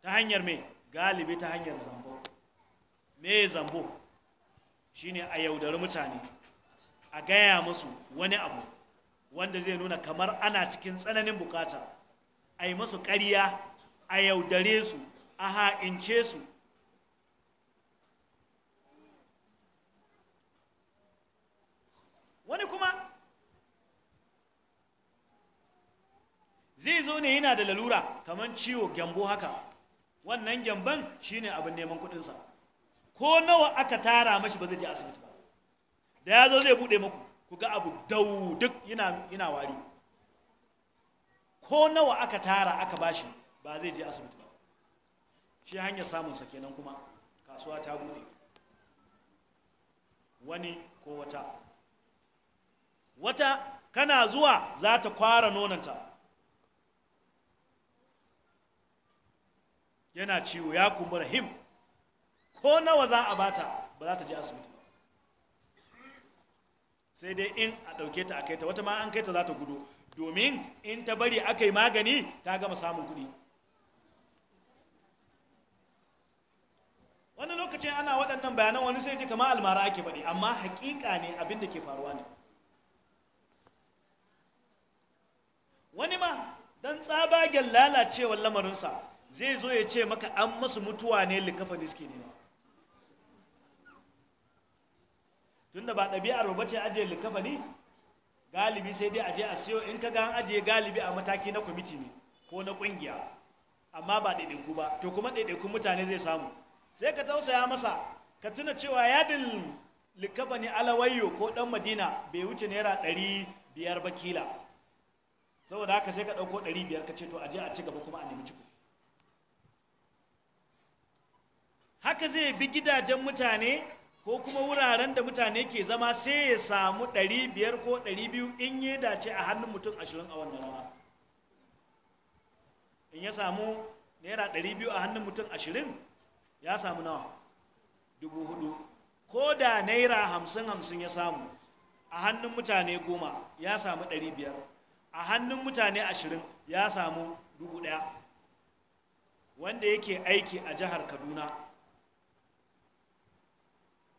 ta hanyar mai galibi ta hanyar zambo me zambo shine a yaudari mutane a gaya musu wani abu wanda zai nuna kamar ana cikin tsananin bukata a yi masu ƙarya a yaudare su a ha'ince su wani kuma zai zo ne yana da lalura kamar ciwo gyambo haka wannan gyamban shine abin neman kudinsa ko nawa aka tara mashi ba zai je asibiti ba da ya zo zai bude maku ku ga abu dau duk yana wari ko nawa aka tara aka bashi ba zai je asibiti ba shi hanyar sa kenan kuma kasuwa ta bude wani ko wata wata kana zuwa za ta kwara nonanta yana ciwo ya kumbura him ko nawa za a bata ba za ta ji asibiti sai dai in a ɗauke ta a ta wata ma an kai ta za ta gudu domin in ta bari aka yi magani ta gama samun kuɗi wani lokacin ana waɗannan bayanan wani sai ji kama almara ake baɗi amma haƙiƙa ne abinda ke faruwa ne wani ma don tsabagen lalacewar lamarinsa zai zo ya ce maka an masu mutuwa ne likafa da ne tun tunda ba ɗabi'ar ba ce ajiye likafa ne galibi sai dai aje a siyo in ka ga an ajiye galibi a mataki na kwamiti ne ko na ƙungiya amma ba ɗaiɗinku ba to kuma ɗaiɗinku mutane zai samu sai ka tausaya masa ka tuna cewa yadin likafa ne alawayo ko ɗan madina bai wuce naira ɗari biyar ba kila saboda haka sai ka ɗauko ɗari biyar ka ce to aje a ci gaba kuma a nemi ciko haka zai bi gidajen mutane ko kuma wuraren da mutane ke zama sai ya samu ɗari biyar ko ɗari biyu in ya dace a hannun mutum ashirin a wannan rana in ya samu naira ɗari biyu a hannun mutum ashirin ya samu nawa dubu hudu ko da naira hamsin hamsin ya samu a hannun mutane goma ya samu ɗari biyar a hannun mutane ashirin ya samu dubu ɗaya wanda yake aiki a jihar kaduna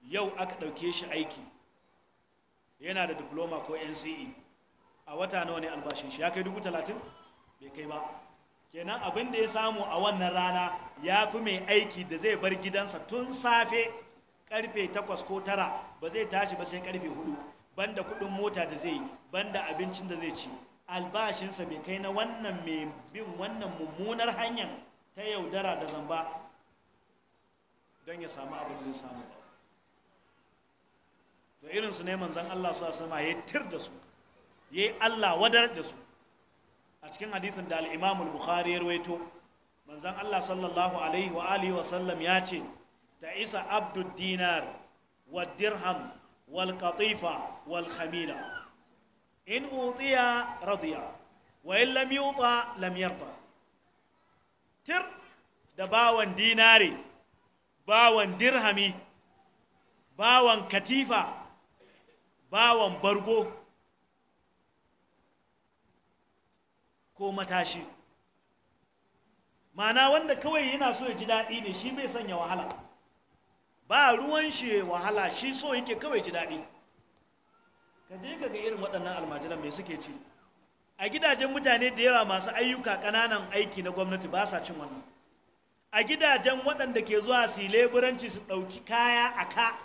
yau aka ɗauke shi aiki yana da diploma ko nce a wata nawa ne albashin shi ya kai dubu talatin bai kai ba kenan abin da ya samu a wannan rana ya fi mai aiki da zai bar gidansa tun safe karfe takwas ko tara ba zai tashi ba sai karfe hudu banda kudin mota da zai yi banda abincin da zai ci albashinsa bai kai na wannan mai bin wannan mummunar hanyar ta yaudara da zamba don ya samu abin da zai samu ba to irinsu ne zan Allah su sama ya tir da su ya yi Allah wadar da su a cikin hadithin da al'imamul bukhari ya rawaito manzan Allah sallallahu alaihi wa alihi wa sallam ya ce ta isa abdul dinar wa dirham wal katifa wal khamila in utiya radiya wa in lam yuta lam yarda tir da bawan dinare bawan dirhami bawan katifa bawan bargo ko matashi mana wanda kawai yana so ya ji daɗi ne shi bai sanya wahala ba ruwan shi wahala shi so yake kawai ji daɗi ka je ga irin waɗannan almajiran mai suke ci a gidajen mutane da yawa masu ayyuka ƙananan aiki na gwamnati ba sa cin wannan a gidajen waɗanda ke zuwa su leburanci su ɗauki kaya a ka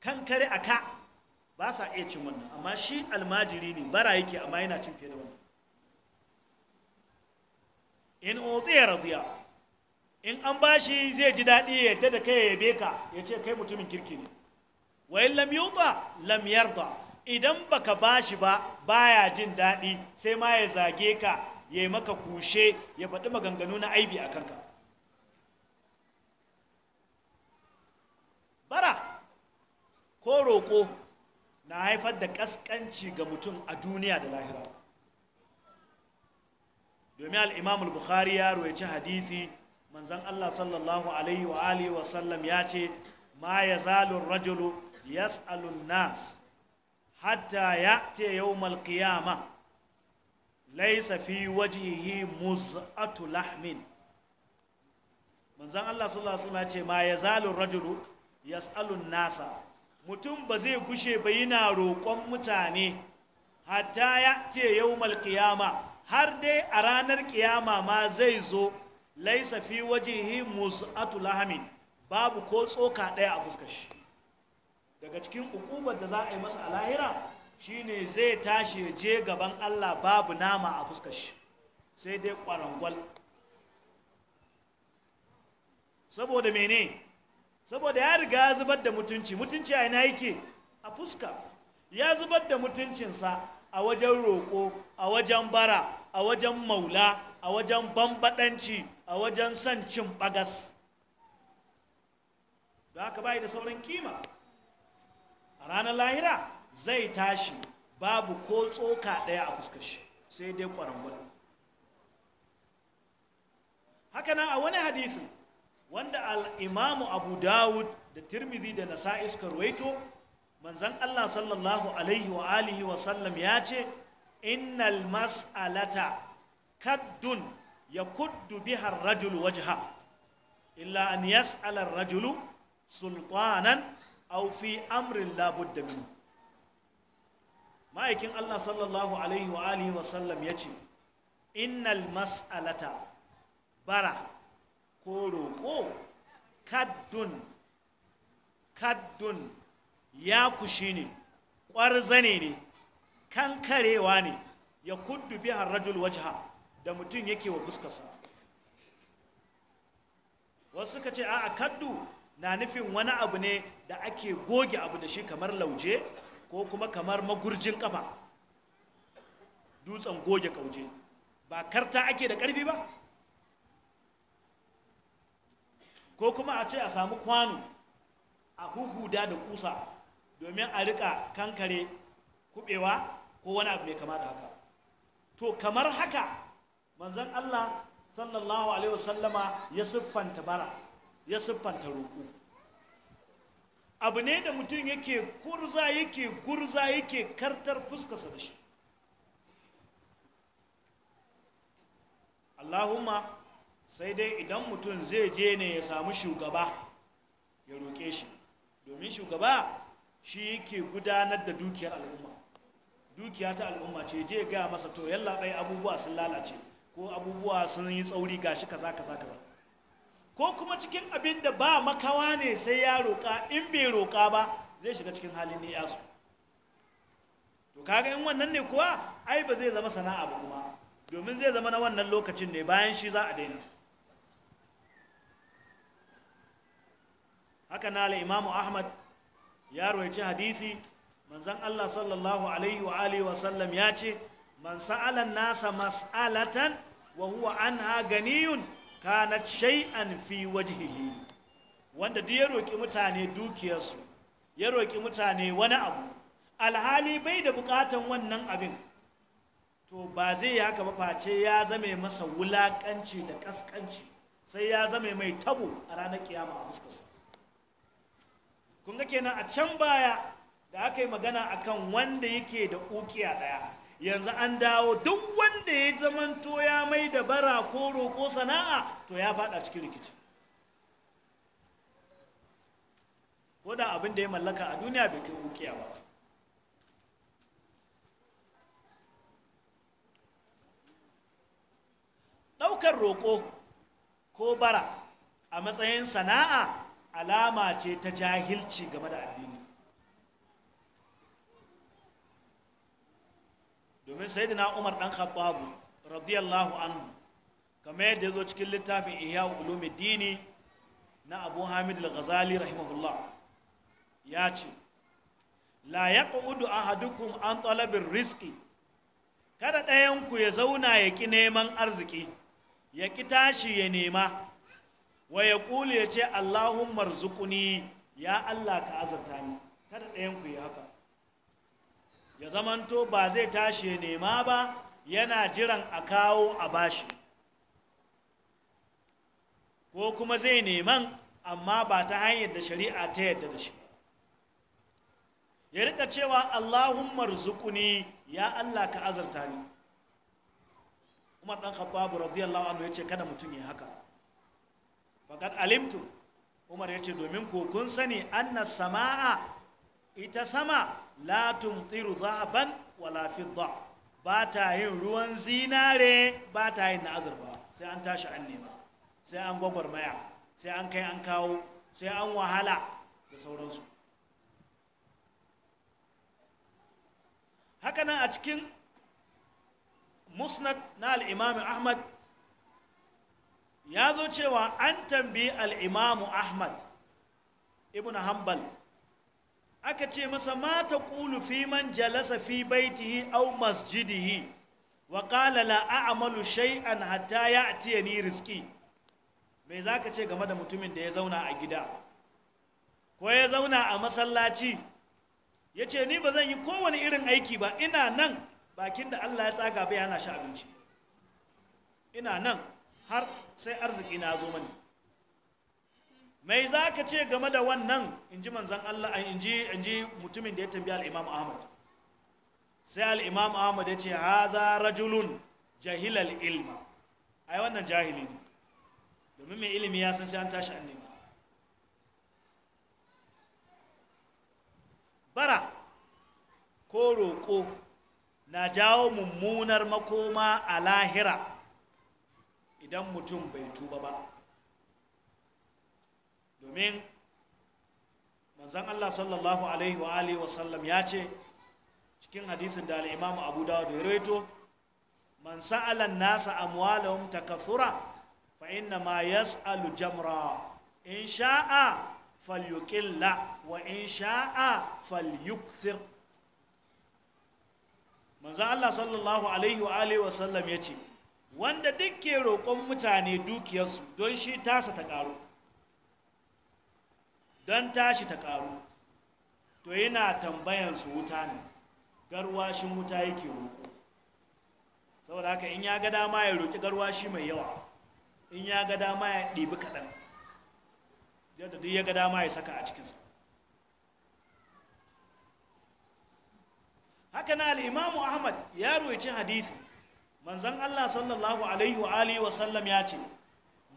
kankare a ka ba sa iya cin wannan amma shi almajiri ne bara yake amma yana cin fiye da wannan in otsiya radiya in an bashi zai ji daɗi ya yadda da kai ya yabe ka ya ce kai mutumin kirki ne Wai in lam yuta lam idan baka bashi ba baya jin daɗi sai ma ya zage ka ya maka kushe ya faɗi maganganu na aibi a kanka bara ko roƙo na haifar da ƙasƙanci ga mutum a duniya da lahira domin al'imamul bukhari ya roci hadithi manzan allah sallallahu alaihi wa alihi wasallam ya ce ma ya zalun rajulu yas'alun nas hatta ya'ti yawmal qiyamah laisa fi wajihi muz'atu lahmin manzon Allah sallallahu alaihi wasallam ce ma yazalu rajulu yas'alun nasa mutum ba zai gushe ba yana roƙon mutane hatta ya ce yawmal qiyama har dai a ranar kiyama ma zai zo laisa fi wajihi muz'atu lahmin babu ko tsoka ɗaya a fuskar shi daga cikin ukubar da za a yi masa a lahira shine zai tashi ya je gaban Allah babu nama a fuskar shi sai dai kwarangwal saboda mene saboda ya riga ya zubar da mutunci mutunci a ina yake a fuska ya zubar da mutuncinsa a wajen roƙo a wajen bara a wajen maula a wajen bambadanci, a wajen son cin bagas don haka bai da sauran kima a ranar lahira zai tashi babu ko tsoka ɗaya a fuskar shi sai dai ƙwarangwani haka nan a wani hadisin wanda al'imamu abu dawud da tirmidhi da nasa'i suka ruwaito manzan allah sallallahu alaihi wa alihi wa sallam ya ce innal mas'alata kaddun ya kuddu bihar rajulu wajha illa an yas'alar rajulu sultanan au fi amrin labud da minu ma'aikin Allah sallallahu alaihi wa alihi wa sallam yace innal mas'alata bara ko roƙo kaddun kaddun ya kushi ne ƙwarzane ne kankarewa ne ya kuddu bihar rajul wajha da mutum yake wa fuskasa wasu ka ce a kaddu na nufin wani abu ne da ake goge abu da shi kamar lauje ko kuma kamar magurjin kafa dutsen goge kauje ba karta ake da karfi ba ko kuma a ce a samu kwano a huhuda da kusa domin a rika kankare kubewa ko wani abu mai kama da haka to kamar haka manzon Allah sallallahu alaihi wasallama ya siffanta bara ya siffanta roƙo abu ne da mutum yake kurza yake gurza yake kartar fuskarsa da shi allahumma sai dai idan mutum zai je ne ya samu shugaba ya roƙe shi domin shugaba shi yake gudanar da dukiyar al'umma dukiya ta al'umma ce je ga masa to yalla abubuwa sun lalace ko abubuwa sun yi tsauri gashi kaza kaza kaza ko kuma cikin abin da ba makawa ne sai ya roƙa in bai roƙa ba zai shiga cikin halin ne yasu to kaga in wannan ne kuwa ai ba zai zama sana'a ba kuma domin zai zama na wannan lokacin ne bayan shi za a daina haka na la imamu ahmad ya roƙi hadisi manzon allah sallallahu alaihi wa alihi wa sallam ya ce man sa'alan nasa mas'alatan wa huwa anha ganiyun kanat shay'an fi wajhihi wanda duk ya roƙi mutane dukiyarsu ya roƙi mutane wani abu alhali bai da bukatan wannan abin to ba zai yi haka ba face ya zame masa wulaƙanci da ƙasƙanci sai ya zame mai tabo a ranar ƙiyama a fuskarsa kun ga kenan a can baya da aka yi magana akan wanda yake da ukiya ɗaya? yanzu an dawo duk wanda ya zamanto ya mai da bara ko roƙo sana'a to ya fada cikin rikici ko da abin da ya mallaka a duniya bai kai ukiya ba ɗaukar roƙo ko bara a matsayin sana'a alama ce ta jahilci game da addini domin sayyidina umar dan khattab radiyallahu anhu kamar yadda zo cikin littafin ihya dini na abu hamid al-ghazali rahimahullah ya ce la yaqudu ahadukum an talabin riski kada ɗayanku ya zauna ya ƙi neman arziki ya ƙi tashi ya nema wa ya ƙuli ya ce allahun marzukuni ya allah ka azurta ni kada ɗayanku ya haka ya zamanto ba zai tashi nema ba yana jiran a kawo a bashi ko kuma zai neman amma ba ta hanyar da shari'a ta yadda da shi ya rika cewa allahumma rizukuni ya allah ka azarta ni umar dan khattabu radiyallahu anhu yace kada mutum ya haka faqad alimtu umar yace domin kokun kun sani anna samaa ita sama la tumtiru zahaban wala fidda ba ta yin ruwan zinare ba ta yin na ba sai an tashi an nema sai an gwagwarmaya sai an kai an kawo sai an wahala da sauransu hakanan a cikin musnad na al'imami ahmad ya zo cewa an tambayi al'imamu ahmad ibn hanbal aka ce masa mata ƙulu fi man jalasa fi baitihi au masjidihi wa ƙala la'amalu a'malu shay'an hatta ya'tiya ni mai me ka ce game da mutumin da ya zauna a gida ko ya zauna a masallaci ya ce ni ba zan yi kowane irin aiki ba ina nan bakin da Allah ya tsaga bai hana shi abinci ina nan har sai arziki na zo mani mai za ka ce game da wannan in ji manzan Allah in ji mutumin da ya tambi al'imam Ahmad sai al'imam Ahmad ya ce haza rajulun jahilal ilma ai wannan jahili ne domin mai ilimi ya san sai an tashi an nema bara ko roƙo na jawo mummunar makoma a lahira idan mutum bai tuba ba domin manzan Allah sallallahu alaihi wa alihi wa sallam ya ce cikin hadithin da al’imamu Abu Dawud ya rawaito man sa'ala an-nasa amwalahum takathura fa inna ma yas'alu jamra in sha'a falyukilla wa in sha'a falyukthir manzan Allah sallallahu alaihi wa alihi wa sallam ya ce wanda duk ke roƙon mutane dukiyarsu don shi tasa ta ƙaru don tashi ta ƙaru to yana tambayan su wuta ne garwashin wuta yake roƙo saboda haka in ya ga dama ya roƙi garwashi mai yawa in ya ga dama ya ɗibi kaɗan yadda duk ya ga dama ya saka a cikinsa haka na al'imamu ahmad ya roƙi hadisi manzan allah sallallahu alaihi wa alihi wasallam ya ce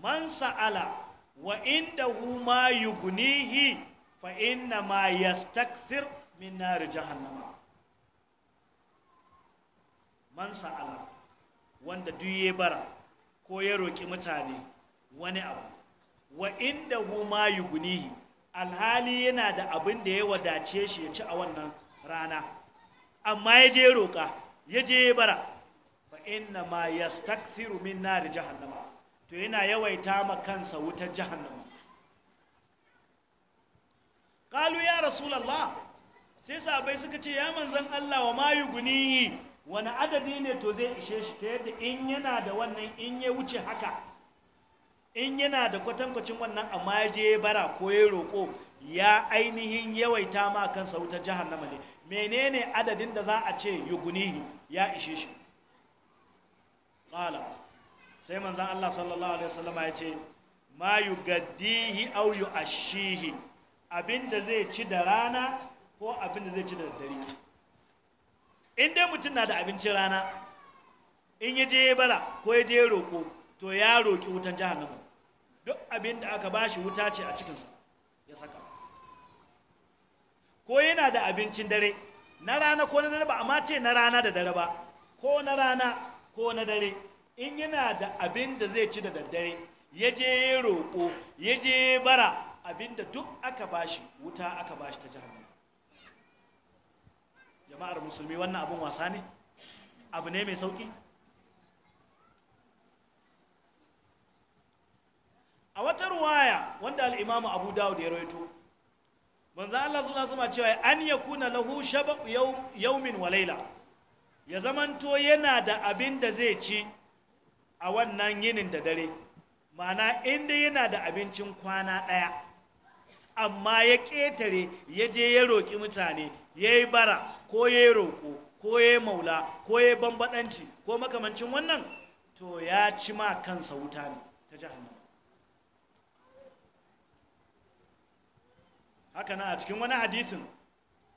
man sa'ala wa inda ma yugunihi fa inna ma ya yastakthir min na nari jahannama man sa'ala wanda duk ya bara ko ya roƙi mutane wani abu wa inda ma yi yugunihi alhali yana da abin da ya wadace shi ya ci a wannan rana amma ya je roƙa ya je ya bara fa inna ma yastakthiru min na nari jahannama to yana yawaita ma kansa wutar jahannama kalu ya rasulallah sai sabai suka ce ya manzon Allah wa ma guni wani adadi ne to zai ishe shi ta yadda in yana da wannan in ya wuce haka in yana da kwatankwacin wannan amma ya bara ko ya roƙo ya ainihin yawaita ma kansa wutar jahannama ne menene adadin da za a ce yugunihi ya ishe shi sai manzan Allah sallallahu alaihi wasallama ya ce ma yugaddihi aw ashihi, abinda zai ci da rana ko abinda zai ci da daddare in dai mutum na da abincin rana in ya je bara ko ya je roko to ya roki wutan jahannama duk abinda aka bashi wuta ce a cikinsa ya saka ko yana da abincin dare na rana ko na dare ba amma ce na rana da dare ba ko na rana ko na dare in yana da abin da zai ci da daddare ya je ya roƙo ya je ya bara abin da duk aka bashi wuta aka bashi ta jihar jama'ar musulmi wannan abin wasa ne abu ne mai sauki a wata ruwaya wanda al'imamu abu dawud ya rawaito manzo Allah suna suna cewa an yakuna lahu shaba yaumin wa layla ya zamanto yana da abin da zai ci a wannan yinin da dare mana inda yana da abincin kwana ɗaya amma ya ƙetare ya je ya roƙi mutane ya yi bara ko ya yi roƙo ko ya yi maula ko ya yi bambaɗanci ko makamancin wannan to ya ci ma kansa wuta ne ta jahannama haka na a cikin wani hadisin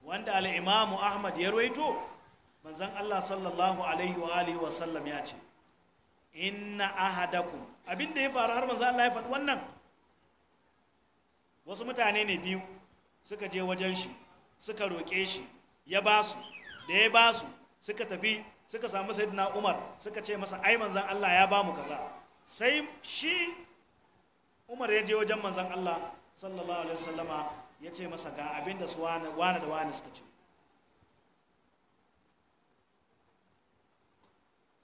wanda al'imamu ahmad ya ruwaito manzan allah sallallahu alaihi wa alihi ya ce inna ahadakum abin da ya faru har manzo Allah ya faɗi wannan wasu mutane ne biyu suka je wajen shi suka roƙe shi ya ba su da ya ba su suka tafi suka samu sayyidina Umar suka ce masa ai manzon Allah ya ba mu kaza sai shi Umar ya je wajen manzon Allah sallallahu alaihi wasallama ya ce masa ga abin da su wani da wani suka ce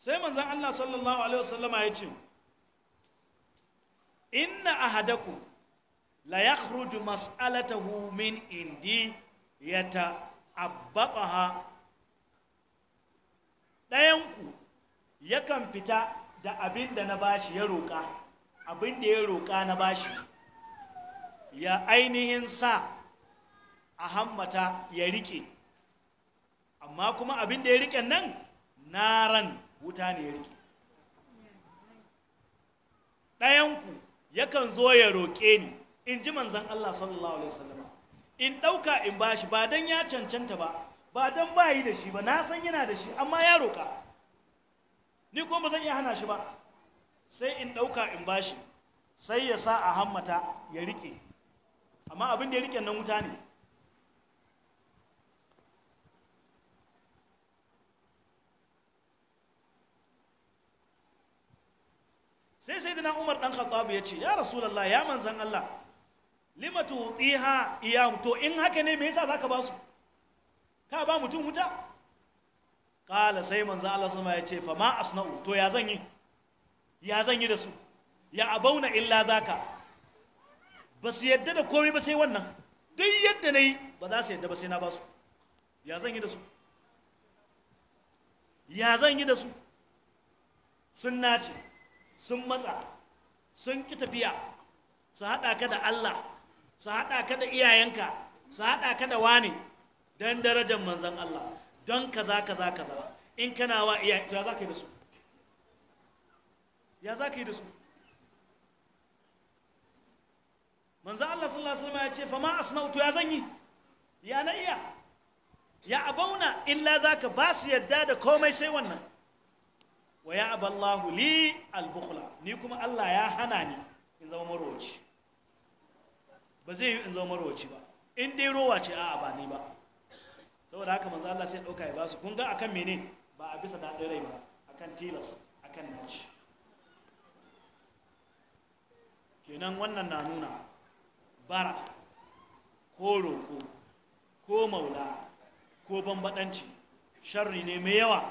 sai manzan Allah sallallahu alaihi wasallama ya ce inna a hadaku la yakhruju mas'alata min indi ya ha ɗayanku yakan fita da abin da na bashi ya roƙa abin da ya roƙa na bashi ya ainihin sa a hammata ya rike amma kuma abin da ya rike nan na naran wuta ne ya ɗayanku yakan zo ya roƙe ni in ji manzan Allah sallallahu alaihi wasallam in ɗauka in ba shi ba don ya cancanta ba ba don ba yi da shi ba na san yana da shi amma ya roƙa ni kuma ba zan iya hana shi ba sai in ɗauka in ba shi sai ya sa a hammata ya riƙe amma abin da ya riƙe nan wuta ne sai sai dina umar ɗan khattabu ya ce ya rasulallah ya manzan Allah lima tutiha iyam to in haka ne me yasa zaka ba su ka ba mutum wuta kala sai manzan Allah sama ya ce fa ma asna'u to ya zan yi ya zan yi da su ya abauna illa zaka ba su yadda da komai ba sai wannan duk yadda na yi ba za su yadda ba sai na ba su ya zan yi da su ya zan yi da su sun nace sun matsa sun ki tafiya su haɗa ka da Allah su haɗa ka da iyayenka su haɗa ka da wani don darajar manzan Allah don kaza kaza kaza in kana wa iyayen ya za ka yi da su ya za ka yi da su manzan Allah sallallahu alaihi wasallam ya ce fama asnautu ya zan yi ya na iya ya abauna illa za ka ba su yadda da komai sai wannan wa ya aballahu li albukhla ni kuma Allah ya hana ni in zama marowaci ba zai yi in zama marowaci ba in dai rowa ce a'a ba ni ba saboda haka manzo Allah sai dauka ya ba su kun ga akan mene ba a bisa daɗin rai ba akan tilas akan naci kenan wannan na nuna bara ko roko, ko maula ko bambaɗanci sharri ne mai yawa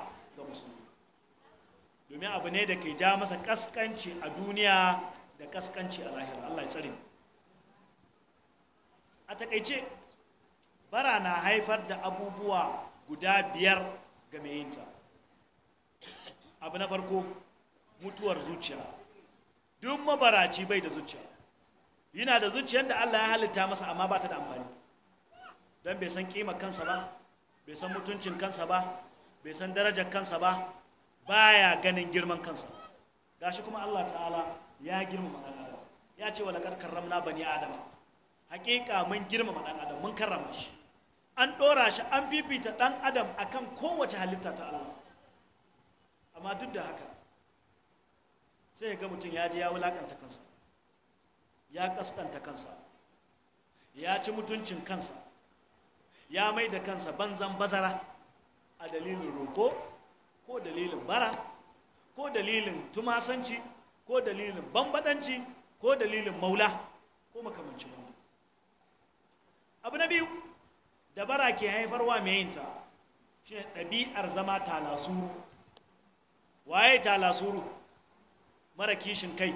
domin abu ne da ke ja masa kaskanci a duniya da kaskanci a lahira Allah ya tsari a takaice bara na haifar da abubuwa guda biyar ga mayinta abu na farko mutuwar zuciya duk mabaraci bai da zuciya yana da zuciyar da Allah ya halitta masa amma ba ta da amfani don bai san kima kansa ba bai san mutuncin kansa ba bai san darajar kansa ba baya ganin girman kansa gashi kuma Allah ta'ala ya girmama dan adam ya ce wala kad karramna bani adam hakika mun girmama dan adam mun karrama shi an dora shi an fifita dan adam akan kowace halitta ta Allah amma duk da haka sai ga mutum ya ji ya wulakanta kansa ya kaskanta kansa ya ci mutuncin kansa ya mai da kansa banzan bazara a dalilin roko ko dalilin bara ko dalilin tumasanci ko dalilin bambadanci ko dalilin maula ko makamancin wani abu na biyu da bara ke haifarwa mai yinta shi ne ɗabi'ar zama talasuru waye talasuru mara kishin kai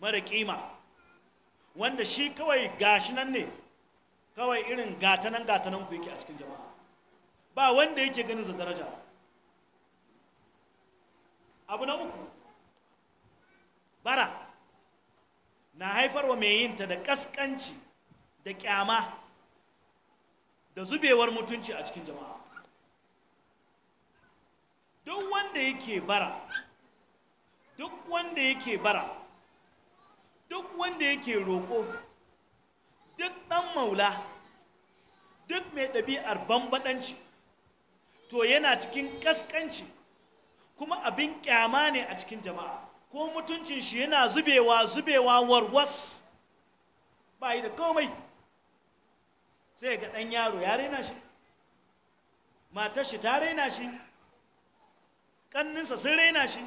mara kima wanda shi kawai gashinan nan ne kawai irin gatanan gatanan ku yake a cikin jama'a ba wanda yake ganin za daraja abu na uku bara na haifarwa mai yinta da kaskanci da kyama da zubewar mutunci a cikin jama'a duk wanda yake bara duk wanda yake bara duk wanda yake roƙo duk ɗan maula duk mai ɗabi'ar bambaɗanci to yana cikin kaskanci. kuma abin kyama ne a cikin jama'a ko mutuncin shi yana zubewa zubewa warwas ba yi da komai sai ga ɗan yaro ya raina shi matar shi ta raina shi ƙanninsa sun raina shi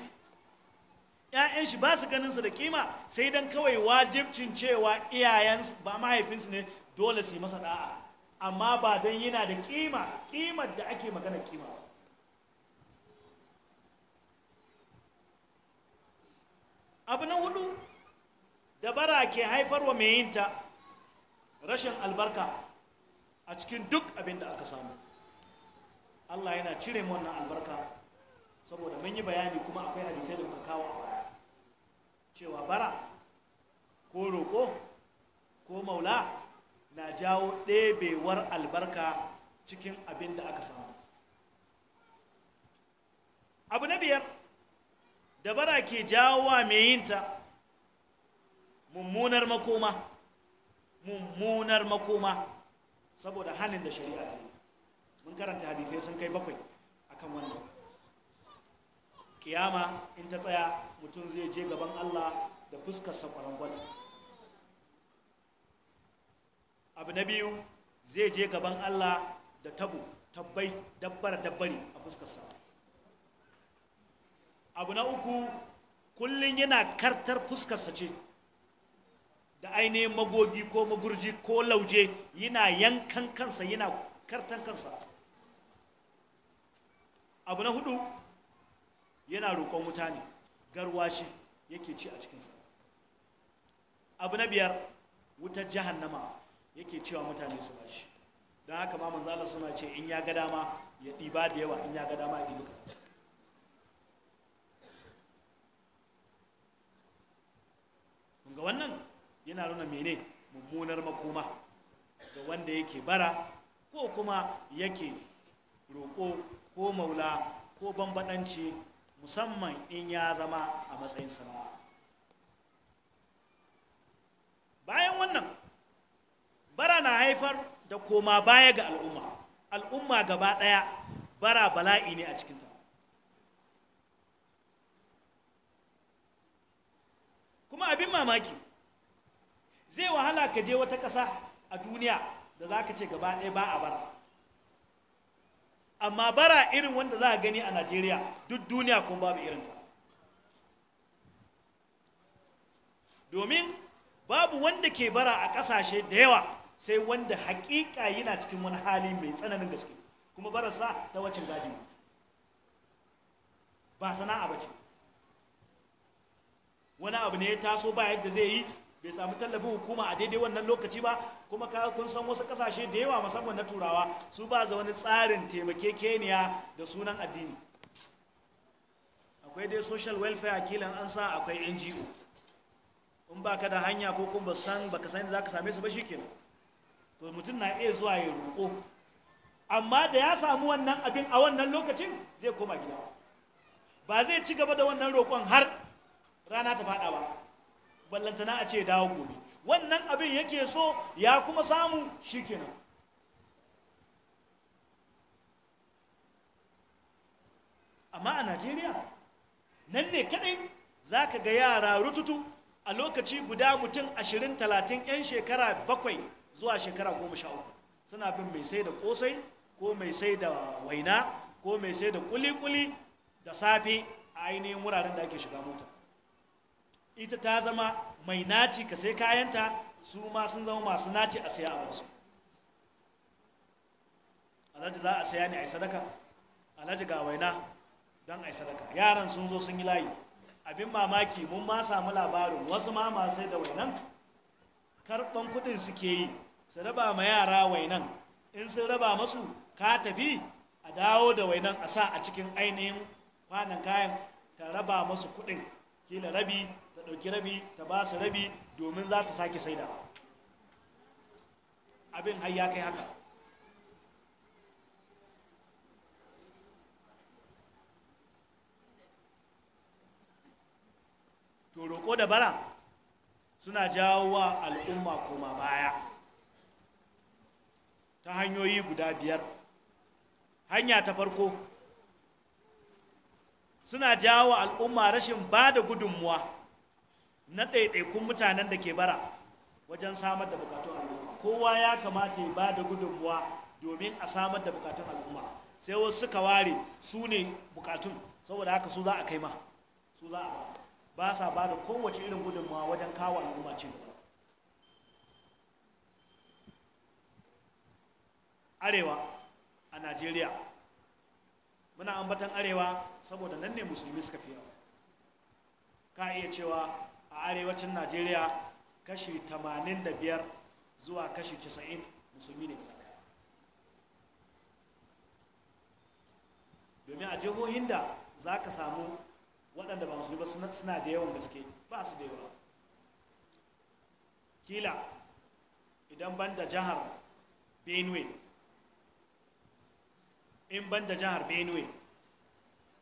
‘ya'yan shi ba su ganinsa da kima sai don kawai wajibcin cewa iyayensu ba mahaifinsu ne dole su yi masa da'a amma ba don yana da kima kimar da ake magana kima ba abu na hudu da bara ke haifarwa mai yinta rashin albarka a cikin duk abin da aka samu Allah yana cire wannan albarka saboda mun yi bayani kuma akwai hadisai da muka kawo cewa bara ko roƙo ko maula na jawo ɗebewar albarka cikin abin da aka samu abu na biyar dabara ke jawowa mai yinta mummunar makoma mummunar makoma saboda halin da shari'a ta yi mun karanta hadisai sun kai bakwai akan wannan kiyama in ta tsaya mutum zai je gaban Allah da fuskar sakwaron gwada abu na biyu zai je gaban Allah da tabo tabbai dabbar dabbari a fuskarsa abu na uku kullum yana kartar fuskarsa ce da ainihin magogi ko magurji ko lauje yana yankan kansa yana kartan kansa abu na hudu yana roƙon wuta ne garwashi yake ci a cikinsa abu na biyar wutar jahannama yake cewa mutane su bashi don haka ma manzala suna ce in ya ga dama ya ɗiba da yawa in ya ga dama ya ɗibi kaɗan ga wannan yana nuna mene mummunar makoma ga wanda yake bara ko kuma yake roƙo ko maula ko bambaɗanci musamman in ya zama a matsayin sana'a bayan wannan bara na haifar da koma baya ga al'umma al'umma gaba ɗaya bara bala'i ne a cikinta kuma abin mamaki zai wahala ka je wata ƙasa a duniya da za ka ce gaba ɗaya ba a bara amma bara irin wanda za a gani a najeriya duk duniya kuma babu irinta domin babu wanda ke bara a ƙasashe da yawa sai wanda haƙiƙa yana cikin wani hali mai tsananin gaske kuma barasa ta wacin gadi ba sana'a ba ce wani abu ne ya taso ba yadda zai yi bai samu tallafin hukuma a daidai wannan lokaci ba kuma kun san wasu kasashe da yawa musamman na turawa su ba za wani tsarin taimakekeniya da sunan addini akwai dai social welfare kilan an sa akwai ngo in ba ka da hanya ko kuma san ba ka san za ka same su ba shi kenan to mutum na iya zuwa ya roƙo amma da ya samu wannan abin a wannan lokacin zai koma gida ba zai ci gaba da wannan roƙon har rana ta fada ba ballantana a ce dawo gobe wannan abin yake so ya kuma samu shikenan amma a najeriya nan ne kadai za ka ga yara rututu a lokaci guda mutum ashirin talatin 'yan shekara bakwai zuwa shekara goma sha uku suna bin mai sai da kosai ko mai sai da waina ko mai sai da kuli-kuli da safe a ainihin wuraren da ake shiga mota ita ta zama mai naci ka sai kayanta su ma sun zama masu naci a saya a basu alhaji za a saya ne a yi sadaka alhaji ga waina don a yi sadaka yaran sun zo sun yi layi abin mamaki mun ma samu labarin wasu ma masu sai da wainan karɓan kuɗin suke yi su raba ma yara wainan in sun raba masu ka tafi a dawo da wainan a sa a cikin ainihin kwanan kayan ta raba masu kuɗin kila rabi ɗauki rabi ta ba su rabi domin za ta sake saida abin har ya kai haka to roƙo da bara suna jawo wa al'umma koma baya ta hanyoyi guda biyar hanya ta farko suna jawo al'umma rashin ba da gudunmuwa na ɗaiɗaikun mutanen da ke bara wajen samar da bukatun al'umma kowa ya kamata ya ba da gudunmuwa domin a samar da bukatun al'umma sai wasu suka ware su ne bukatun saboda haka su za a kai ma su za a ba ba sa ba da kowace irin gudunmuwa wajen kawo al'umma ci gaba arewa a najeriya muna ambatan arewa saboda nan ne musulmi suka fi yawa ka iya cewa a arewacin najeriya kashi 85 zuwa kashi 90 musulmi ne domin a jihohin da za ka samu waɗanda ba musulmi ba suna da yawan gaske ba su da yawa kila idan ban da jihar benue in ban da jihar benue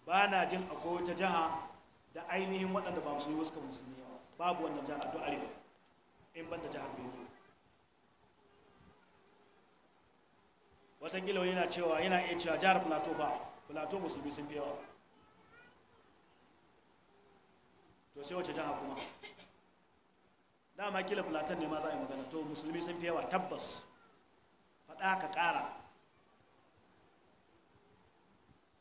ba na jin akwai wata jiha da ainihin waɗanda ba musulmi ba suka musulmi yawa babu wanda jihar a duk arewa in ban da jihar biyu watakila wani yana cewa yana iya cewa jihar plateau ba plateau musulmi sun fi yawa to sai wace jihar kuma dama kila plateau ne ma za a yi magana to musulmi sun fi yawa tabbas faɗa ka ƙara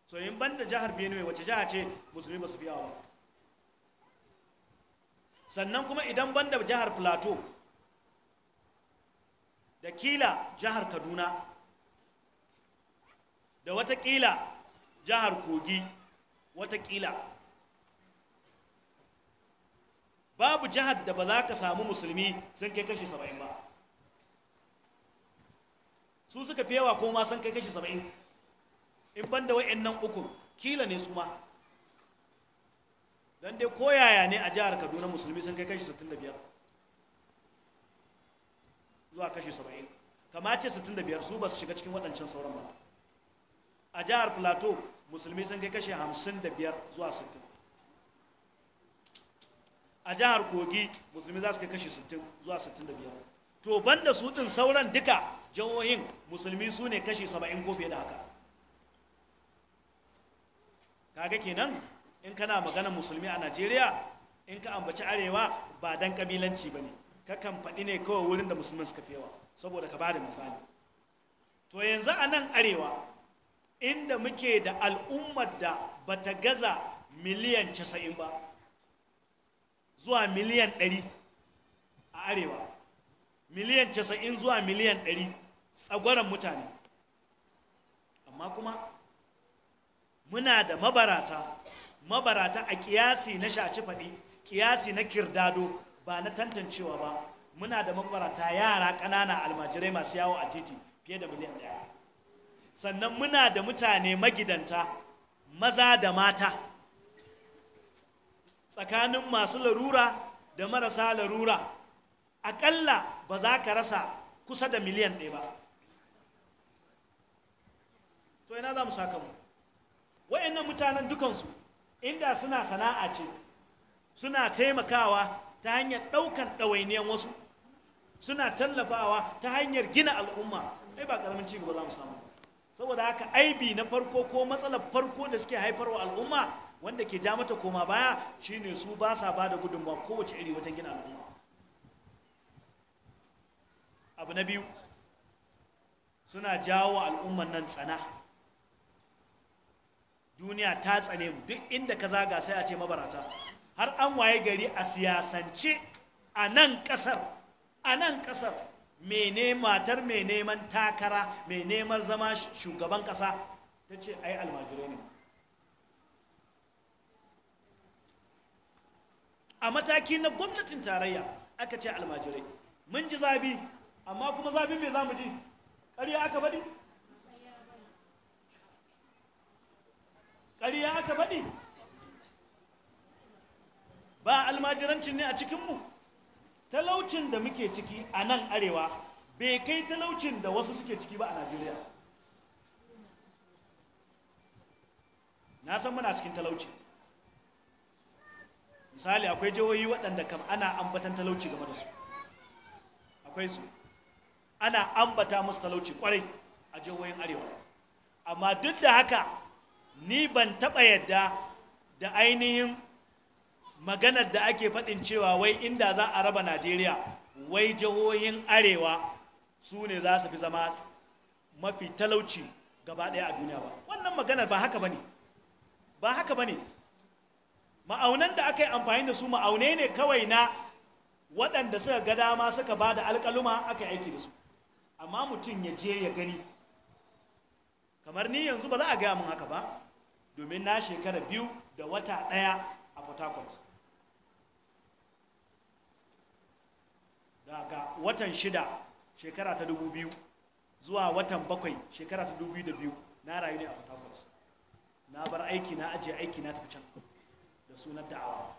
so in ban da jihar benue wace jihar ce musulmi ba su fi yawa ba sannan kuma idan banda jihar plateau da kila jihar kaduna da watakila jihar kogi watakila babu jihar da ba za ka samu musulmi sun kai kashi saba'in ba su suka fi yawa ko sun kai kashi saba'in in ban da wa'in nan uku kila ne su ma don dai koyaya ne a jihar kaduna musulmi sun kai kashi 65 zuwa kashi 70 kama ce 65 su ba su shiga cikin waɗancan sauran ba a jihar plateau musulmi sun kai kashi 55 zuwa 60 a jihar kogi musulmi za su kai kashi 60 zuwa 65 to banda su ɗin sauran duka jihohin musulmi su ne kashi 70 ko fiye da haka kaga kenan in kana magana musulmi a najeriya in ka ambaci arewa ba dan kabilanci ba ne kakan faɗi ne kawai wurin da musulman suka fewa saboda ka bada misali to yanzu a nan arewa inda muke da al'ummar da ba ta gaza miliyan casa'in ba zuwa miliyan ɗari a arewa miliyan casa'in zuwa miliyan ɗari tsagwaron mutane amma kuma muna da mabarata mabarata a kiyasi na shaci faɗi kiyasi na kirdado ba na tantancewa ba muna da mabarata yara ƙanana almajirai masu yawo a titi fiye da miliyan ɗaya sannan muna da mutane magidanta maza da mata tsakanin masu larura da marasa larura aƙalla ba za ka rasa kusa da miliyan ɗaya ba to ina za mu saka mu wa'annan mutanen dukansu inda suna sana'a ce suna taimakawa ta hanyar ɗaukan ɗawainiyan wasu suna tallafawa ta hanyar gina al'umma ai ba ƙaramin cigaba za mu samu saboda haka aibi na farko ko matsalar farko da suke haifarwa al'umma wanda ke ja mata koma baya shine su ba sa ba da gudunmawa kowace iri wajen gina al'umma abu na biyu suna jawo al'umman nan tsana duniya ta tsane mu duk inda ka zaga sai a ce mabarata har an waye gari a siyasance a nan kasar a nan kasar mene matar mai neman takara mai neman zama shugaban kasa ta ce ai almajirai ne a mataki na gwamnatin tarayya aka ce almajirai mun ji zabi amma kuma zabi mai za mu ji ƙarya aka bari ƙarya aka faɗi ba almajirancin ne a cikinmu talaucin da muke ciki a nan arewa bai kai talaucin da wasu suke ciki ba a najeriya na san muna cikin talauci misali akwai jihohi waɗanda kam ana ambatan talauci game da su akwai su ana ambata musu talauci kwarai a jihohin arewa amma duk da haka ni ban taɓa yadda da ainihin maganar da ake faɗin cewa wai inda za a raba najeriya wai jihohin arewa su ne za su fi zama mafi talauci gaba ɗaya a duniya ba wannan maganar ba haka ba ne ba haka ba ne ma'aunan da aka yi amfani da su ma'aunai ne kawai na waɗanda suka ga dama suka ba da alƙaluma aka aiki da su amma mutum ya je ya gani kamar ni yanzu ba za a gaya min haka ba domin na shekara biyu da wata ɗaya a port harcourt daga watan shida shekara ta dubu biyu zuwa watan bakwai shekara ta dubu da biyu na rayu ne a port harcourt na bar aiki na ajiye aiki na tafi can da sunan da'awa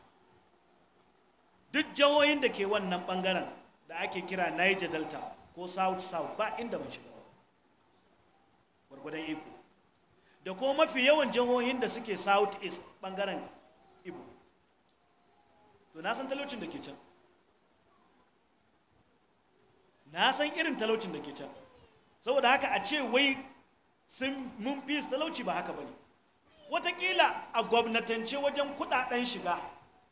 duk jihohin da ke wannan bangaren da ake kira niger delta ko south south ba inda ban shiga gwargwadon iko da kuma mafi yawan jihohin da suke south east bangaren ibo to na san talaucin da ke can na san irin talaucin da ke can saboda haka a ce wai sun mun fi talauci ba haka ne. watakila a gwamnatance wajen kudaden shiga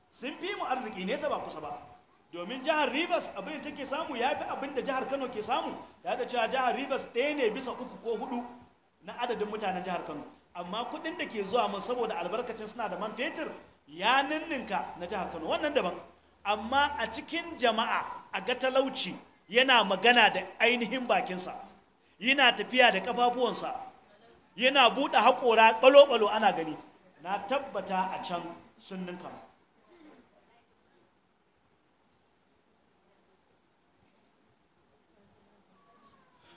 sun fi mu arziki nesa ba kusa ba domin jihar rivers abin da take samu ya fi abin da jihar kano ke samu da haka cewa jihar rivers ɗaya ne bisa uku ko hudu na adadin mutanen jihar kano amma kuɗin da ke zuwa mun saboda albarkacin suna da man fetur ya ninninka na jihar kano wannan daban amma a cikin jama'a a ga talauci yana magana da ainihin bakinsa yana tafiya da kafafuwansa yana buɗe haƙora ɓalo-ɓalo ana gani na tabbata a can sun ninka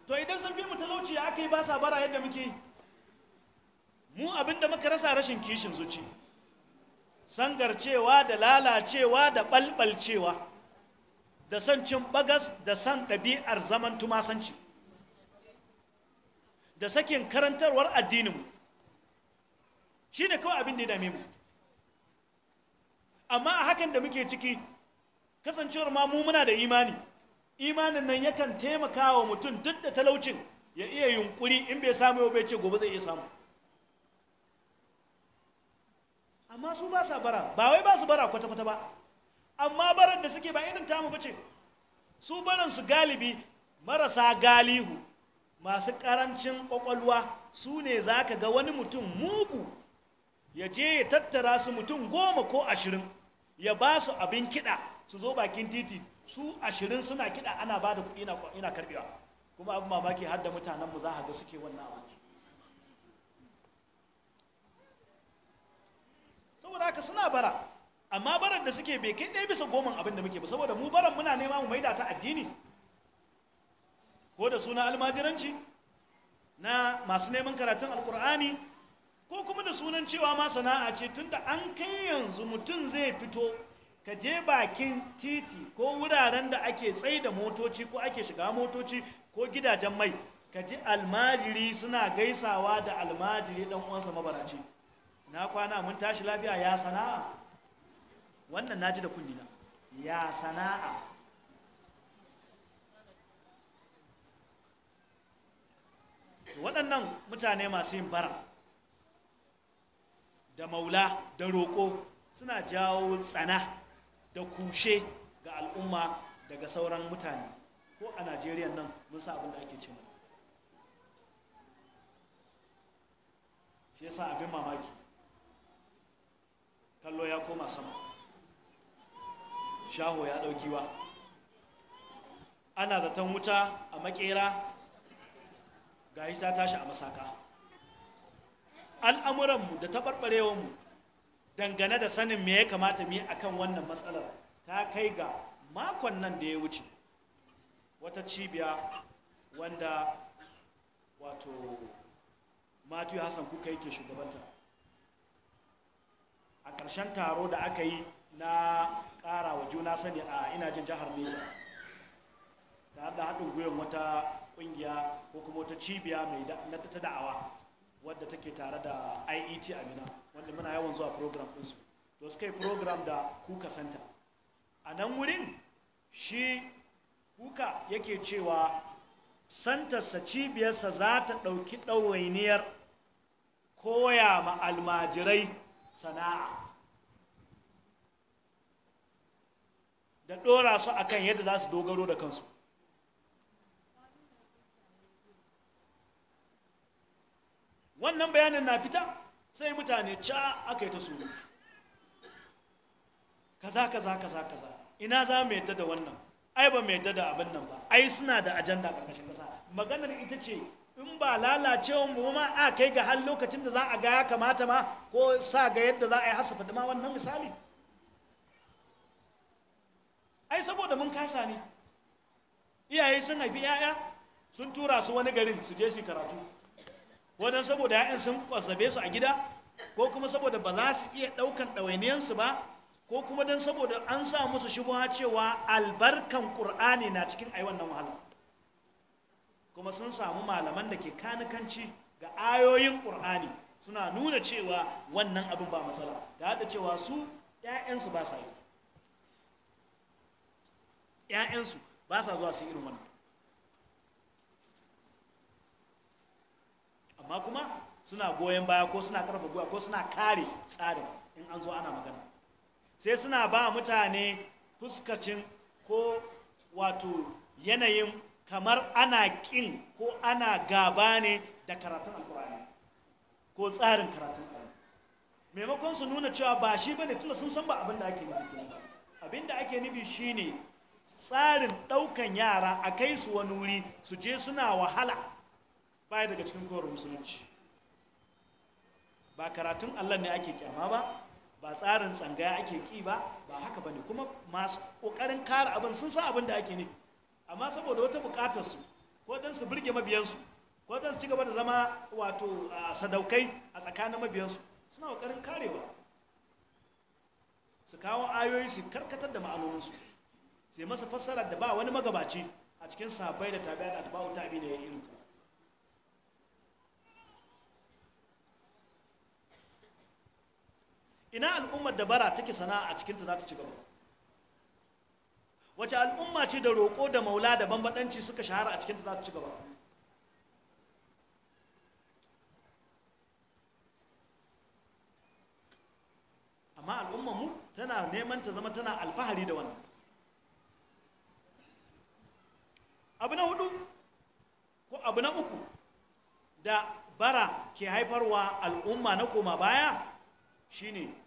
to idan sun fi mu talauci ya aka yi ba sa bara yadda muke mu abinda muka rasa rashin kishin zuci sangarcewa da lalacewa da ɓalɓalcewa da son cin bagas da san ɗabi'ar zaman tumasanci da sakin karantarwar addininmu shi ne kawai abin da ya dame mu amma a hakan da muke ciki kasancewar ma mu muna da imani imanin nan yakan taimaka wa mutum duk da talaucin ya iya yunkuri in bai samu yau bai ce gobe zai iya samu amma su ba sa bara ba wai ba su bara kwata-kwata ba amma baran da suke ba irin tamu ba ce su baran su galibi marasa galihu masu karancin kwakwalwa su ne za ka ga wani mutum mugu ya je ya tattara su mutum goma ko ashirin ya ba su abin kiɗa su zo bakin titi su ashirin suna kiɗa ana ba da kuɗi ina karɓewa kuma abu mamaki har da mutanenmu za a ga suke wannan abu saboda haka suna bara amma barar da suke bai kai ɗaya bisa goman abin da muke ba saboda mu baran muna nema mu maida ta addini ko da suna almajiranci na masu neman karatun alkur'ani ko kuma da sunan cewa ma sana'a ce tunda an kai yanzu mutum zai fito ka je bakin titi ko wuraren da ake tsaye da motoci ko ake shiga motoci ko gidajen mai ka ji almajiri suna gaisawa da almajiri dan uwansa mabarace na kwana mun tashi lafiya ya sana'a wannan naji da kunnina ya sana'a waɗannan mutane masu yin bara da maula da roƙo suna jawo tsana da kushe ga al'umma daga sauran mutane ko a najeriya nan mun sa abin da ake cin shi yasa abin mamaki kallo ya koma sama shaho ya wa. ana zaton wuta a makera ga ta tashi a masaka al'amuranmu da ta mu. dangane da sanin me ya kamata mu yi akan wannan matsalar ta kai ga makon nan da ya wuce wata cibiya wanda wato matu hassan kuka yake shugabanta a ƙarshen taro da aka yi na ƙara wa juna sani a ina jin jihar neja tare da haɗin gwiwar wata ƙungiya ko kuma wata cibiya mai ta da'awa wadda take tare da iet amina wanda muna yawan zuwa program ɗinsu da suka yi program da kuka santa a nan wurin shi kuka yake cewa santarsa cibiyarsa za ta ɗauki ɗawainiyar koya ma almajirai sana'a da ɗora su akan yadda za su dogaro da kansu wannan bayanin na fita sai mutane ca aka yi ta surutu kaza kaza kaza kaza ina za mu yadda da wannan ai ba mu yadda da abin nan ba ai suna da ajanda karkashin kasa maganar ita ce in ba lalacewa mu ma a kai ga hal lokacin da za a ga ya kamata ma ko sa ga yadda za a yi hasa faɗi ma wannan misali ai saboda mun kasa ne iyaye sun haifi 'ya'ya sun tura su wani garin su je su karatu ko don saboda ya'yan sun kwazzabe su a gida ko kuma saboda ba za su iya ɗaukan ɗawainiyansu ba ko kuma don saboda an sa musu shubuha cewa albarkan ƙur'ani na cikin ai wannan wahala kuma sun samu malaman da ke kanikanci ga ayoyin ƙur'ani suna nuna cewa wannan abin ba matsala da haɗa cewa su 'ya'yansu ba sa yi 'ya'yansu ba sa zuwa su irin wannan amma kuma suna goyon baya ko suna karfa guwa ko suna kare tsarin in an zo ana magana sai suna ba mutane fuskacin ko wato yanayin kamar ana ƙin ko ana gaba ne da karatun alkurani ko tsarin karatun maimakon su nuna cewa ba shi bane tunda sun san ba abin da ake nufi abin da ake nufi shine tsarin ɗaukan yara a kai su wani wuri su je suna wahala baya daga cikin koyar musulunci ba karatun allah ne ake kyama ba ba tsarin tsangaya ake ki ba ba haka ba ne kuma masu ƙoƙarin kare abin sun sa abin da ake ne amma saboda wata buƙatar su ko don su birge mabiyansu ko don su ci gaba da zama wato sadaukai a tsakanin mabiyansu suna ƙoƙarin karewa su kawo ayoyi su karkatar da ma'anoninsu sai masa fassara da ba wani magabaci a cikin sabai da tabi'a da ba'u tabi da ya irinta ina al'ummar da bara take sana'a a cikinta za ta ci gaba wace al'umma ce da roƙo da maula da bambaɗanci suka shahara a cikinta za ta ci gaba amma mu tana neman ta zama tana alfahari da wannan abu na hudu ko abu na uku da bara ke haifarwa al'umma na koma baya shine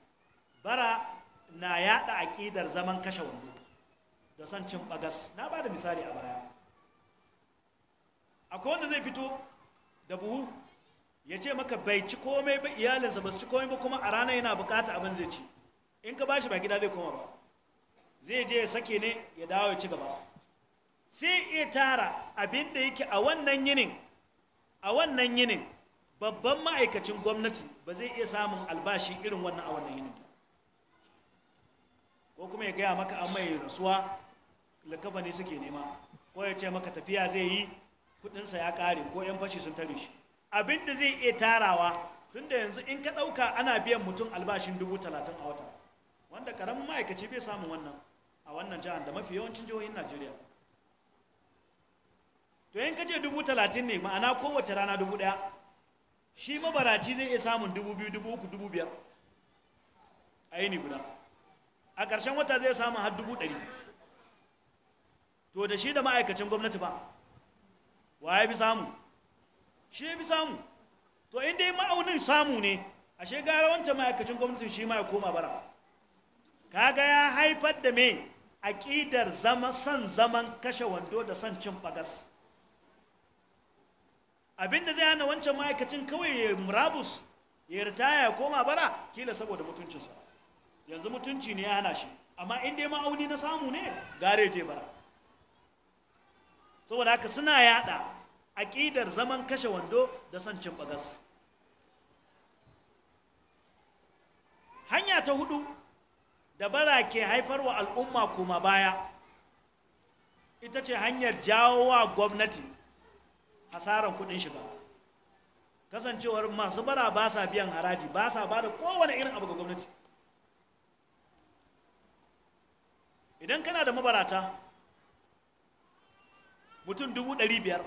bara na yaɗa aƙidar zaman kashe wando da son cin bagas na ba da misali a baya akwai wanda zai fito da buhu ya ce maka bai ci komai ba iyalinsa ba su ci komai ba kuma a rana yana bukata abin zai ci in ka bashi ba gida zai koma ba zai je ya sake ne ya dawo ya ci gaba sai iya tara abin da yake a wannan yinin a wannan yinin babban ma'aikacin gwamnati ba zai iya samun albashi irin wannan a wannan yinin ko kuma ya gaya maka an mai rasuwa lakafa ne suke nema ko ya ce maka tafiya zai yi kudinsa ya kare ko yan fashi sun tare shi abin da zai iya tarawa tunda yanzu in ka ɗauka ana biyan mutum albashin dubu talatin a wata wanda karamin ma'aikaci bai samun wannan a wannan jihar da mafi yawancin jihohin najeriya to in ka dubu talatin ne ma'ana kowace rana dubu ɗaya shi mabaraci zai iya samun dubu biyu dubu uku dubu biyar a yini guda a ƙarshen wata zai samu har dubu ɗari to da shi da ma'aikacin gwamnati ba wa ya bi samu shi ya bi samu to inda yi ma'aunin samu ne ashe gara wancan ma'aikacin gwamnatin shi ma ya koma bara kaga ya haifar da me aƙidar zama son zaman kashe wando da son cin bagas abinda zai hana wancan ma'aikacin kawai ya murabus ya ritaya ya koma bara kila saboda mutuncinsa yanzu mutunci ne ya hana shi amma in dai ma'auni na samu ne gare je bara saboda haka suna yada aƙidar zaman kashe wando da son cin bagas hanya ta hudu da bara ke haifar wa al'umma kuma baya ita ce hanyar jawo wa gwamnati hasaran kudin shiga kasancewar masu bara ba sa biyan haraji ba sa ba da kowane irin abu ga gwamnati idan kana da mabarata mutum dubu ɗari biyar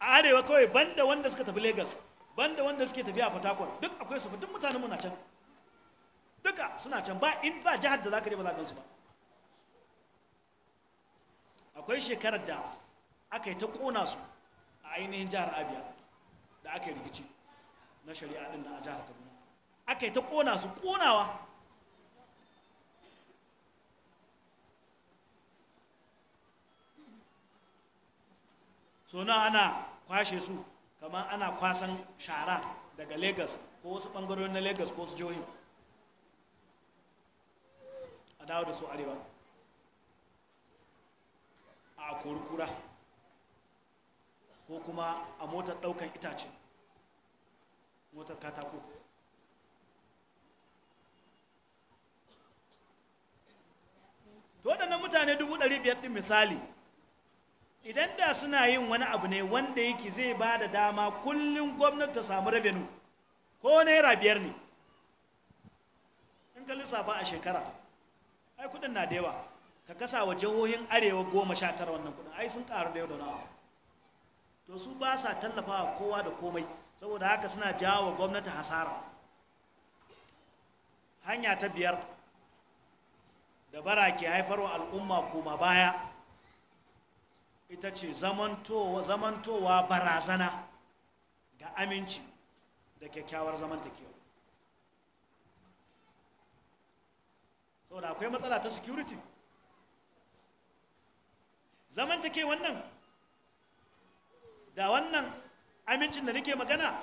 a arewa kawai banda wanda suka tafi lagos banda wanda suke tafiya fatakwal duk akwai su duk mutanen muna can duka suna can ba in ba jihar da za ka je ba za gansu ba akwai shekarar da aka yi ta ƙona su a ainihin jihar abia da aka yi rikici na shari'a ɗin a jihar kaduna aka yi ta ƙona su ƙonawa so na ana kwashe su kamar ana kwasan shara daga lagos ko wasu bangarori na lagos ko su jihohin a dawo da su arewa a kurkura ko kuma a motar daukan itace motar katako to waɗannan mutane 500 ɗin misali idan da suna yin wani abu ne wanda yake zai ba da dama kullum gwamnati ta samu rabenu ko naira biyar ne in ka lissafa a shekara ai kudin na da yawa ka kasa wa jihohin arewa goma sha tara wannan kudin ai sun karu da yau da nawa to su ba sa tallafawa kowa da komai saboda haka suna jawo wa gwamnati hasara hanya ta biyar da bara ke haifarwa al'umma koma baya ita ce zamantowa barazana ga aminci da kyakkyawar zamantakewa da akwai matsala ta security zamantakewan nan da wannan amincin da nake magana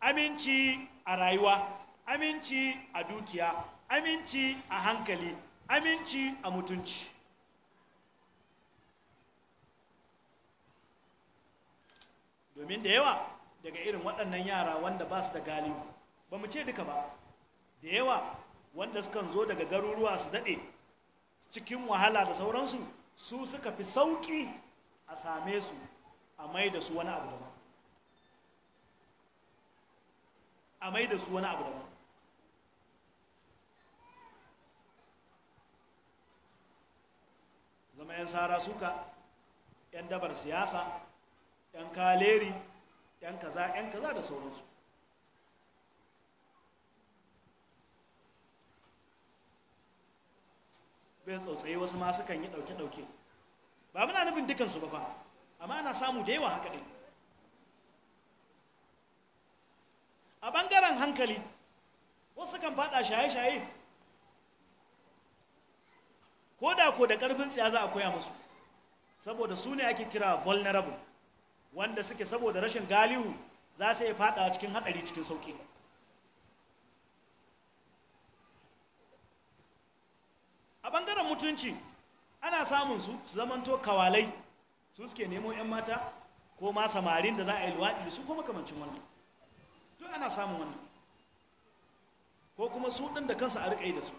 aminci a rayuwa aminci a dukiya aminci a hankali aminci a mutunci domin da yawa daga irin waɗannan yara wanda ba su da galihu ba mu ce duka ba da yawa wanda sukan zo daga garuruwa su daɗe cikin wahala da sauransu su suka fi sauƙi a same su a mai da su wani abu daban a mai da su wani abu daban zama 'yan sara suka 'yan dabar siyasa 'yan kaleri 'yan kaza 'yan kaza da sauransu bai tsautsaye wasu masu kan yi ɗauke-ɗauke ba muna nufin dukansu ba fa amma ana samu da yawa haka ɗin a ɓangaren hankali wasu kan faɗa shaye-shaye ko da ko da ƙarfin tsiya za a koya musu saboda su ne ake kira vulnerable wanda suke saboda rashin galihu za su iya fadawa cikin haɗari cikin sauki. a ɓangaren mutunci ana samun su zamanto kawalai su suke nemo 'yan mata ko ma samarin da za a yi luwaɗi su ko kamancin wannan duk ana samun wannan ko kuma su ɗin da kansu a riƙe da su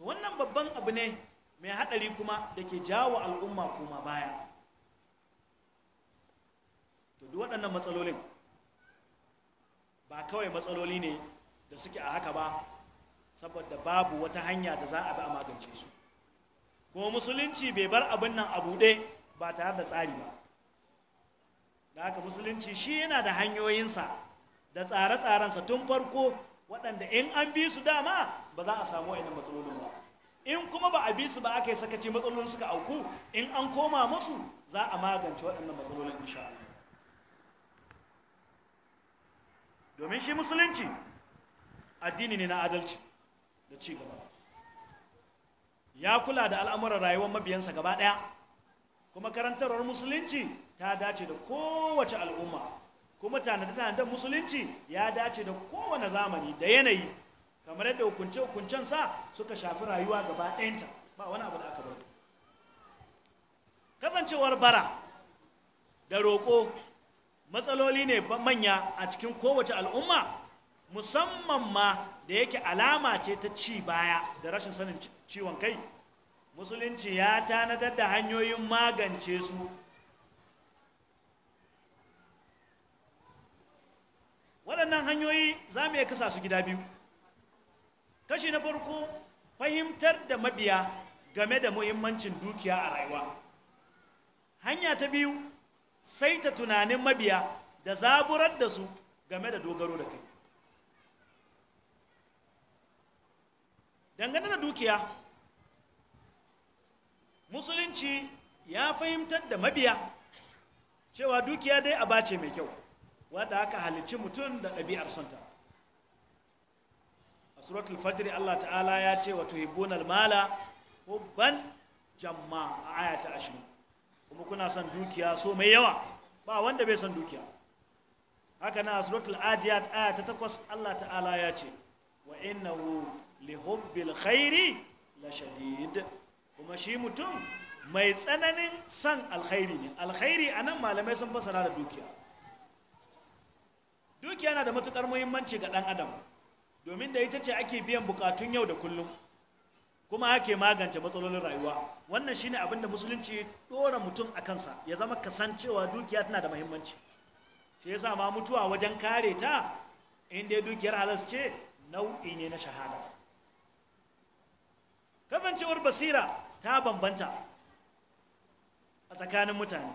to wannan babban abu ne mai haɗari kuma da ke jawo al'umma kuma baya to duk waɗannan matsalolin ba kawai matsaloli ne da suke a haka ba saboda babu wata hanya da za a bi a magance su kuma musulunci bai bar abin nan a buɗe ba tare da tsari ba da haka musulunci shi yana da hanyoyinsa da tsare-tsarensa tun farko waɗanda in an bi su dama ba za a samu wa'inan matsalolin ba in kuma ba a bi su ba aka yi sakaci matsalolin suka auku in an koma musu za a magance waɗannan matsalolin insha domin shi musulunci addini ne na adalci da ci gaba ya kula da al'amuran rayuwar mabiyansa gaba ɗaya kuma karantarwar musulunci ta dace da kowace al'umma kuma tanade-tanaden musulunci ya dace da kowane zamani da yanayi kamar yadda hukunce-hukuncen sa suka shafi rayuwa gaba ɗayanta ba wani abu da aka bari kasancewar bara da roƙo matsaloli ne manya a cikin kowace al'umma musamman ma da yake alama ce ta ci baya da rashin sanin ciwon kai musulunci ya tanadar da hanyoyin magance su waɗannan hanyoyi za mu iya kasa su gida biyu kashi na farko fahimtar da mabiya game da muhimmancin dukiya a rayuwa hanya ta biyu sai ta tunanin mabiya da zaburar da su game da dogaro da kai dangane da dukiya musulunci ya fahimtar da mabiya cewa dukiya dai a bace mai kyau wadda aka halicci mutum da ɗabi'ar sonta a suratul fajri Allah ta'ala ya ce wa tuhibbuna almala hubban jamma a aya ta kuma kuna son dukiya so mai yawa ba wanda bai son dukiya haka na suratul adiyat aya ta takwas Allah ta'ala ya ce wa innahu li hubbil khairi la shadid kuma shi mutum mai tsananin son alkhairi ne alkhairi anan malamai sun fassara da dukiya dukiya na da matukar muhimmanci ga ɗan adam domin da ita ce ake biyan bukatun yau da kullum kuma ake magance matsalolin rayuwa wannan shine abinda musulunci ɗora mutum a kansa ya zama kasancewa dukiya tana da muhimmanci shi yasa ma mutuwa wajen kare ta inda dai dukiyar halas ce nau'i ne na shahada kasancewar basira ta bambanta a tsakanin mutane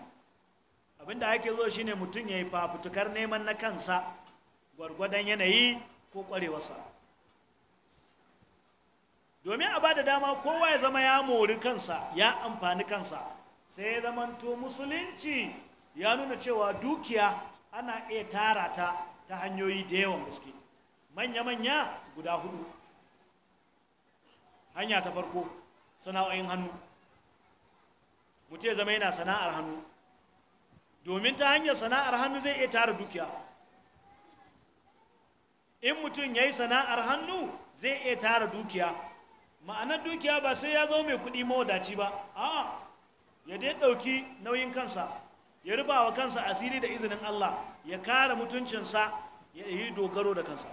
abinda ake zo shine mutum ya yi fafutukar neman na kansa gwargwadon yanayi ko kwarewarsa domin a ba da dama kowa ya zama ya mori kansa ya amfani kansa sai ya zamanto musulunci ya nuna cewa dukiya ana iya tara ta ta hanyoyi da yawan gaske manya-manya guda hudu hanya ta farko sana'o'in hannu mutu ya zama yana sana'ar hannu domin ta hanyar sana'ar hannu zai iya tara dukiya in mutum ya yi sana'ar hannu zai iya tara dukiya ma'anar dukiya ba sai ya zo mai kuɗi mawadaci ba a'a ya dai ɗauki nauyin kansa ya rufa wa kansa asiri da izinin Allah ya kare mutuncinsa ya yi dogaro da kansa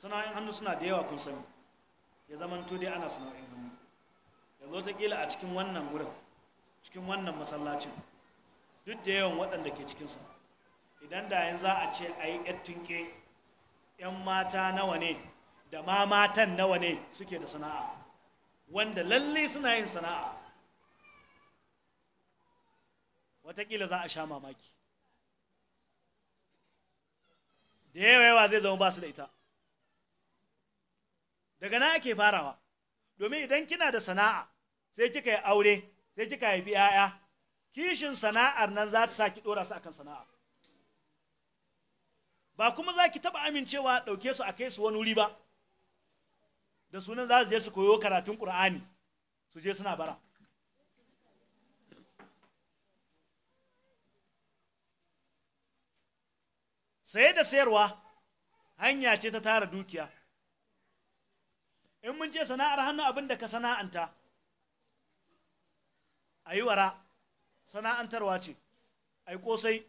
sana'in hannu suna da yawa kun sani ya to dai ana sana'in hannu ya zo ta kila a cikin wannan wurin cikin wannan masallacin duk da yawan waɗanda ke cikinsa idan da yin za a ce a yi tunke 'yan mata nawa ne da ma matan nawa ne suke da sana'a wanda lalle suna yin sana'a watakila za a sha mamaki da yawa yawa zai zama basu da ita daga na ake farawa domin idan kina da sana'a sai kika yi aure sai kika haifi 'ya'ya kishin sana'ar nan za ta sa ki dora su akan sana'a ba kuma za ki taɓa amincewa ɗauke su a kai su wani wuri ba da sunan za su je su koyo karatun ƙur'ani su je suna bara saye da sayarwa hanya ce ta tara dukiya in mun ce sana'ar hannu abin da ka sana'anta a yi wara sana'antarwa ce a yi ƙosai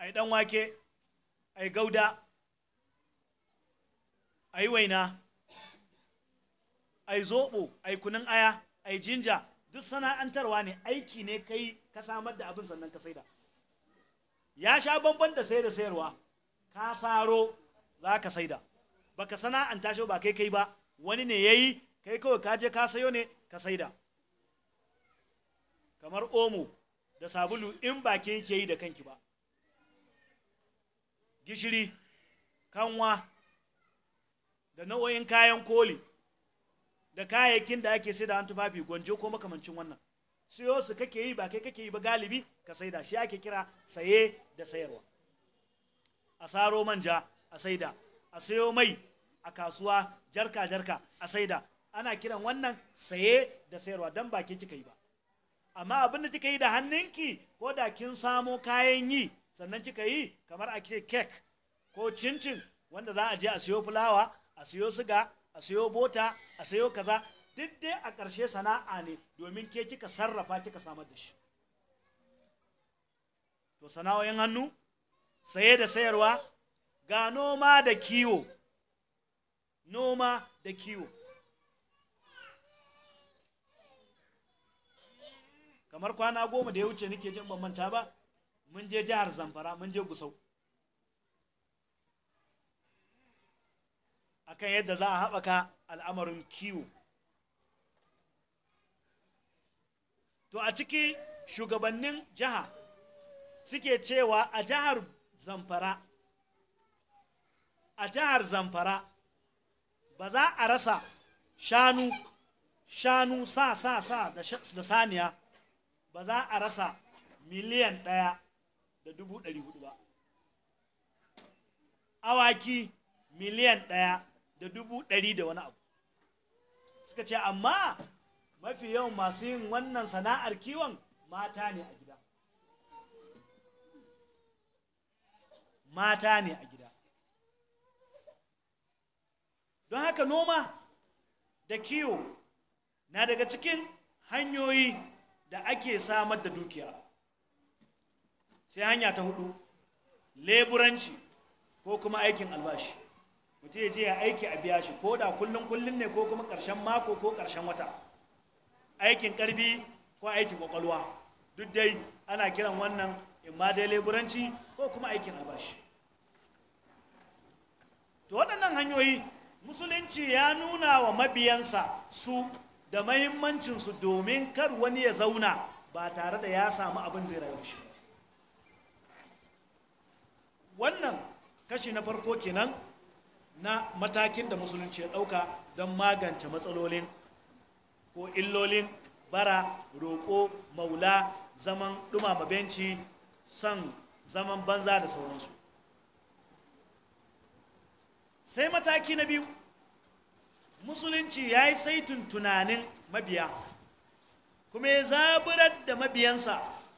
a yi ɗanwake a yi gauda a yi waina a yi zoɓo a yi kunin aya a yi jinja duk sana'antarwa ne aiki ne kai ka samar da abin sannan ka saida ya sha banban da sayar da sayarwa ka saro za ka saida baka sana'anta shi ba kai kai ba wani ne ya yi kai kawai ka je ka sayo ne ka saida kamar omo da sabulu in ba ke yake yi da kanki ba gishiri kanwa da nau'o'in kayan koli da kayayyakin da ake sai da an tufafi gwanjo ko makamancin wannan siyo su kake yi ba kai kake yi ba galibi ka da shi ake kira saye da sayarwa a saro manja a da a sayo mai a kasuwa jarka jarka a da ana kiran wannan saye da sayarwa don ba ke kika yi ba amma abin da kika yi da hannunki ko da kin samo kayan yi sannan kika yi kamar a ke kek ko cincin wanda za a je a siyo fulawa a siyo siga a siyo bota a siyo kaza duk dai a ƙarshe sana'a ne domin ke kika sarrafa kika samar da shi to sana'o'in hannu saye da sayarwa ga noma da kiwo noma da kiwo kamar kwana goma da ya wuce nake jin ban manta ba mun je jihar zamfara mun je gusau akan yadda za a haɓaka al'amarin kiwo to a ciki shugabannin jiha suke cewa a jihar zamfara a jihar zamfara ba za a rasa shanu shanu sa sa sa da saniya ba za a rasa miliyan ɗaya da dubu ɗari hudu ba awaki miliyan ɗaya da dubu ɗari da wani abu suka ce amma mafi yawan masu yin wannan sana'ar kiwon mata ne a gida mata ne a gida don haka noma da kiwo na daga cikin hanyoyi da ake samar da dukiya sai hanya ta hudu leburanci ko kuma aikin albashi mutum ya je ya aiki a biya shi ko da kullum kullum ne ko kuma karshen mako ko karshen wata aikin ƙarfi ko aikin ƙwaƙwalwa duk dai ana kiran wannan imma dai leburanci ko kuma aikin albashi to waɗannan hanyoyi musulunci ya nuna wa mabiyansa su da mahimmancinsu domin kar wani ya zauna ba tare da ya samu abin zai rayu shi wannan kashi na farko kenan na matakin da musulunci ya ɗauka don magance matsalolin ko illolin bara roƙo maula zaman ɗumama benci son zaman banza da sauransu sai mataki na biyu musulunci ya yi saitin tunanin mabiya kuma ya zaburar da mabiyansa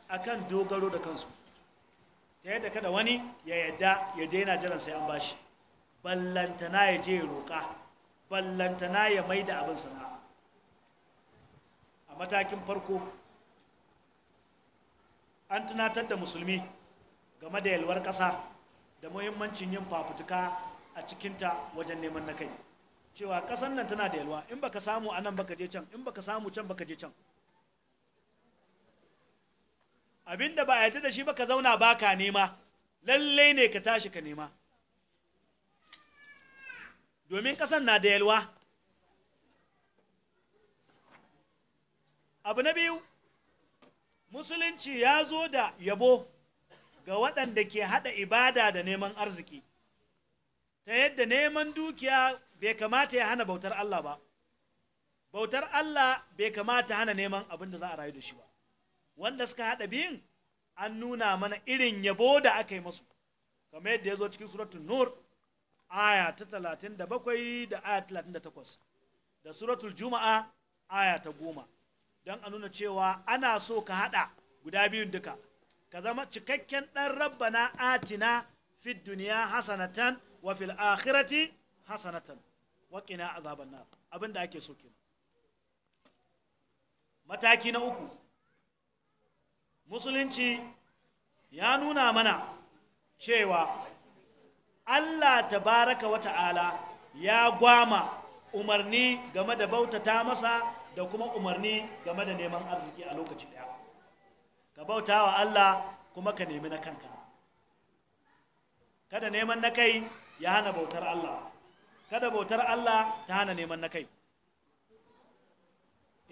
akan dogaro da kansu ta yadda kada wani ya yadda ya je yana jiran sai an bashi ballantana ya je ya roƙa ballantana ya mai da abin sana'a a matakin farko an tunatar da musulmi game da yalwar ƙasa da muhimmancin yin fafutuka a cikinta wajen neman na kai cewa ƙasar nan tana da yalwa in baka samu a nan baka je can in baka samu can baka je can Abin da ba a yarda da shi ba ka zauna ba ka nema lallai ne ka tashi ka nema domin ƙasan na da yalwa abu na biyu musulunci ya zo da yabo ga waɗanda ke haɗa ibada da neman arziki ta yadda neman dukiya bai kamata ya hana bautar Allah ba bautar Allah bai kamata hana neman abin da za a rayu da shi ba wanda suka haɗa biyun an nuna mana irin yabo da aka yi masu kamar yadda ya zo cikin suratun nur aya ta talatin da bakwai da aya talatin da takwas da suratul juma'a aya ta goma don a nuna cewa ana so ka haɗa guda biyun duka ka zama cikakken ɗan rabbana atina fid duniya hasanatan wa fil akhirati hasanatan wa qina azaban nar abinda ake so kenan mataki na uku musulunci ya nuna mana cewa Allah tabaraka wa ta'ala ya gwama umarni game da bautata masa da kuma umarni game da neman arziki a lokaci daya ka bauta wa Allah kuma ka nemi na kanka kada neman na kai ya hana bautar Allah kada bautar Allah ta hana neman na kai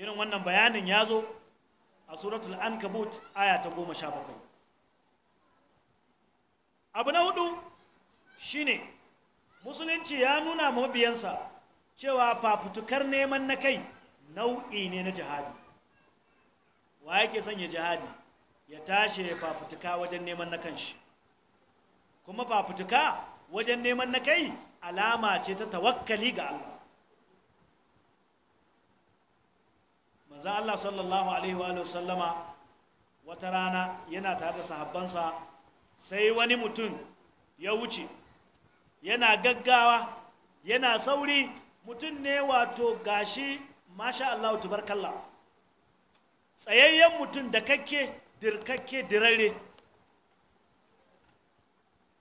irin wannan bayanin ya zo a suratul ankabut aya ta goma sha bakwai abu na hudu shine musulunci ya nuna mabiyansa cewa fafutukar neman na kai nau'i ne na jihadi wa yake sanya jihadi ya tashi ya fafutuka wajen neman na kanshi kuma fafutuka wajen neman na kai alama ce ta tawakkali ga Allah manzan Allah sallallahu alaihi wa sallama wata rana yana tare da sahabbansa sai wani mutum ya wuce yana gaggawa yana sauri mutum ne wato gashi masha Allah tubarkalla tsayayyen mutum da kakke dirkakke dirare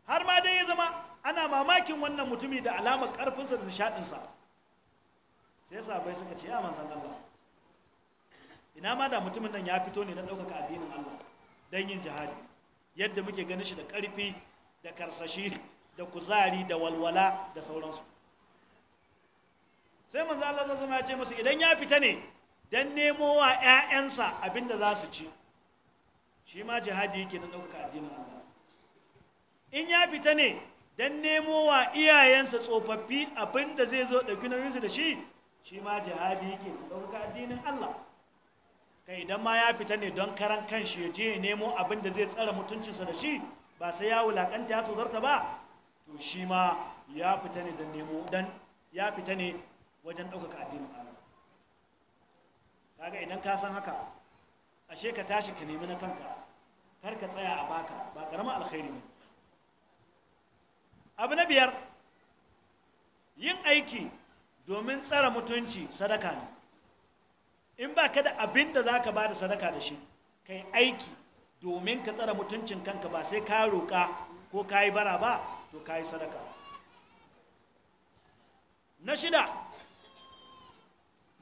har ma dai ya zama ana mamakin wannan mutumi da alamar karfinsa da nishadinsa sai sabai suka ce ya manzan Allah ina ma da mutumin nan ya fito ne na ɗaukaka addinin Allah don yin jihadi yadda muke ganin shi da ƙarfi da karsashi da kuzari da walwala da sauransu sai manzo Allah zai ya ce musu idan ya fita ne don nemo wa 'ya'yansa abin da za su ci shi ma jihadi yake na ɗaukaka addinin Allah in ya fita ne don nemo wa iyayensa tsofaffi abinda zai zo ɗauki nauyinsu da shi shi ma jihadi yake na ɗaukaka addinin Allah kai idan ma ya fita ne don karan kanshi ya je nemo abin da zai tsara mutuncinsa da shi ba sai ya wulakanta ya tsozarta ba to shi ma ya fita ne don nemo don ya fita ne wajen ɗaukaka addinin Allah kaga idan ka san haka ashe ka tashi ka nemi na kanka kar ka tsaya a baka ba karamin alkhairi ne abu na biyar yin aiki domin tsara mutunci sadaka ne in ba ka da abin da za ka ba da sadaka da shi ka yi aiki domin ka tsara mutuncin kanka ba sai ka roƙa ko ka yi bara ba to ka yi sadaka na shida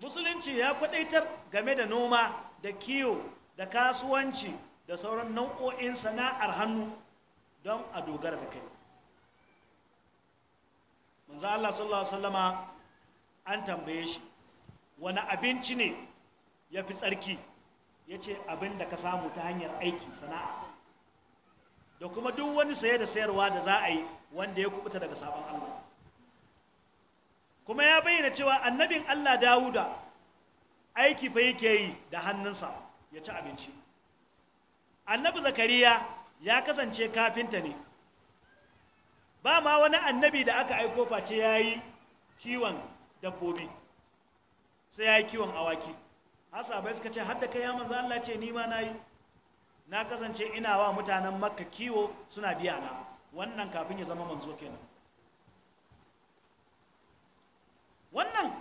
musulunci ya kwadaitar game da noma da kiwo da kasuwanci da sauran nau'o'in sana'ar hannu don a dogara da kai manzo Allah sallallahu alaihi wasallama an tambaye shi wani abinci ne ya fi tsarki ya ce abin da ka samu ta hanyar aiki sana'a da kuma duk wani saye da sayarwa da za a yi wanda ya kubuta daga sabon Allah kuma ya bayyana cewa annabin Allah Dawuda aiki fa yake yi da hannunsa ya ci abinci annabi zakariya ya kasance kafinta ne ba ma wani annabi da aka aiko face ya yi kiwon dabbobi sai ya yi kiwon awaki asabai suka ce hadda kai ya manzo Allah ce ni ma nayi na kasance ina wa mutanen makka kiwo suna biya na wannan kafin ya zama manzo kenan wannan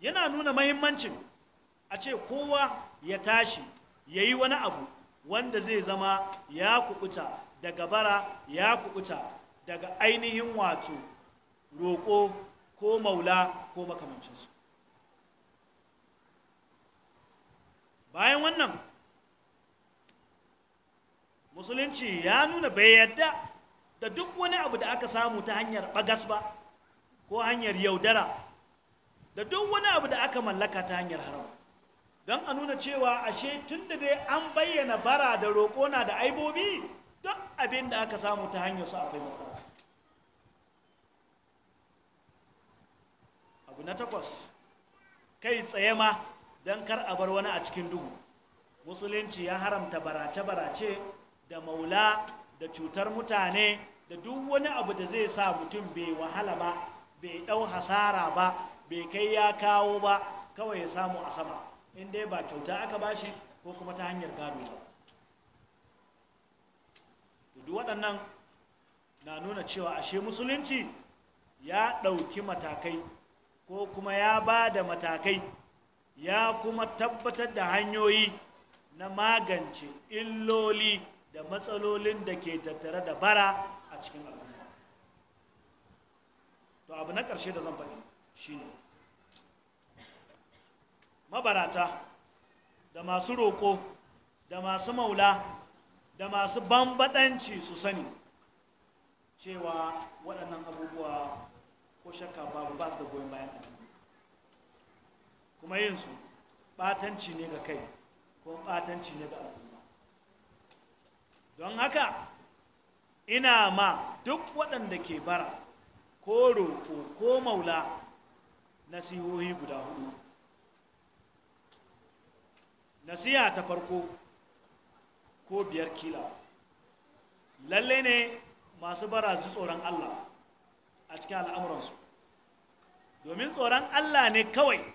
yana nuna mahimmancin a ce kowa ya tashi ya yi wani abu wanda zai zama ya kubuta daga bara ya kubuta daga ainihin wato roƙo ko maula ko makamancinsu bayan wannan musulunci ya nuna bai yadda da duk wani abu da aka samu ta hanyar bagas ba ko hanyar yaudara da duk wani abu da aka mallaka ta hanyar haram don a nuna cewa ashe tun da dai an bayyana bara da roƙo na da aibobi duk abin da aka samu ta hanyar su akwai matsala abu na takwas kai tsaye ma don kar a bar wani a cikin duhu musulunci ya haramta barace-barace da maula da cutar mutane da duk wani abu da zai sa mutum bai wahala ba bai ɗau hasara ba bai kai ya kawo ba kawai ya samu a sama in dai ba kyauta aka bashi ko kuma ta hanyar gado ba duk waɗannan na nuna cewa ashe musulunci ya ɗauki matakai ko kuma ya ba da matakai ya kuma tabbatar da hanyoyi na magance illoli da matsalolin da ke tattare da bara a cikin al'umma to abu na ƙarshe da zan faɗi shi ne mabarata da masu roƙo da masu maula da masu bambaɗanci su sani cewa waɗannan abubuwa ko shakka babu ba su da goyon bayan ajiyar kuma yin su batanci ne ga kai ko batanci ne ga al'umma don haka ina ma duk waɗanda ke bara ko roƙo ko maula nasihohi guda hudu nasiha ta farko ko biyar kila lalle ne masu bara su tsoron allah a cikin al'amuransu domin tsoron allah ne kawai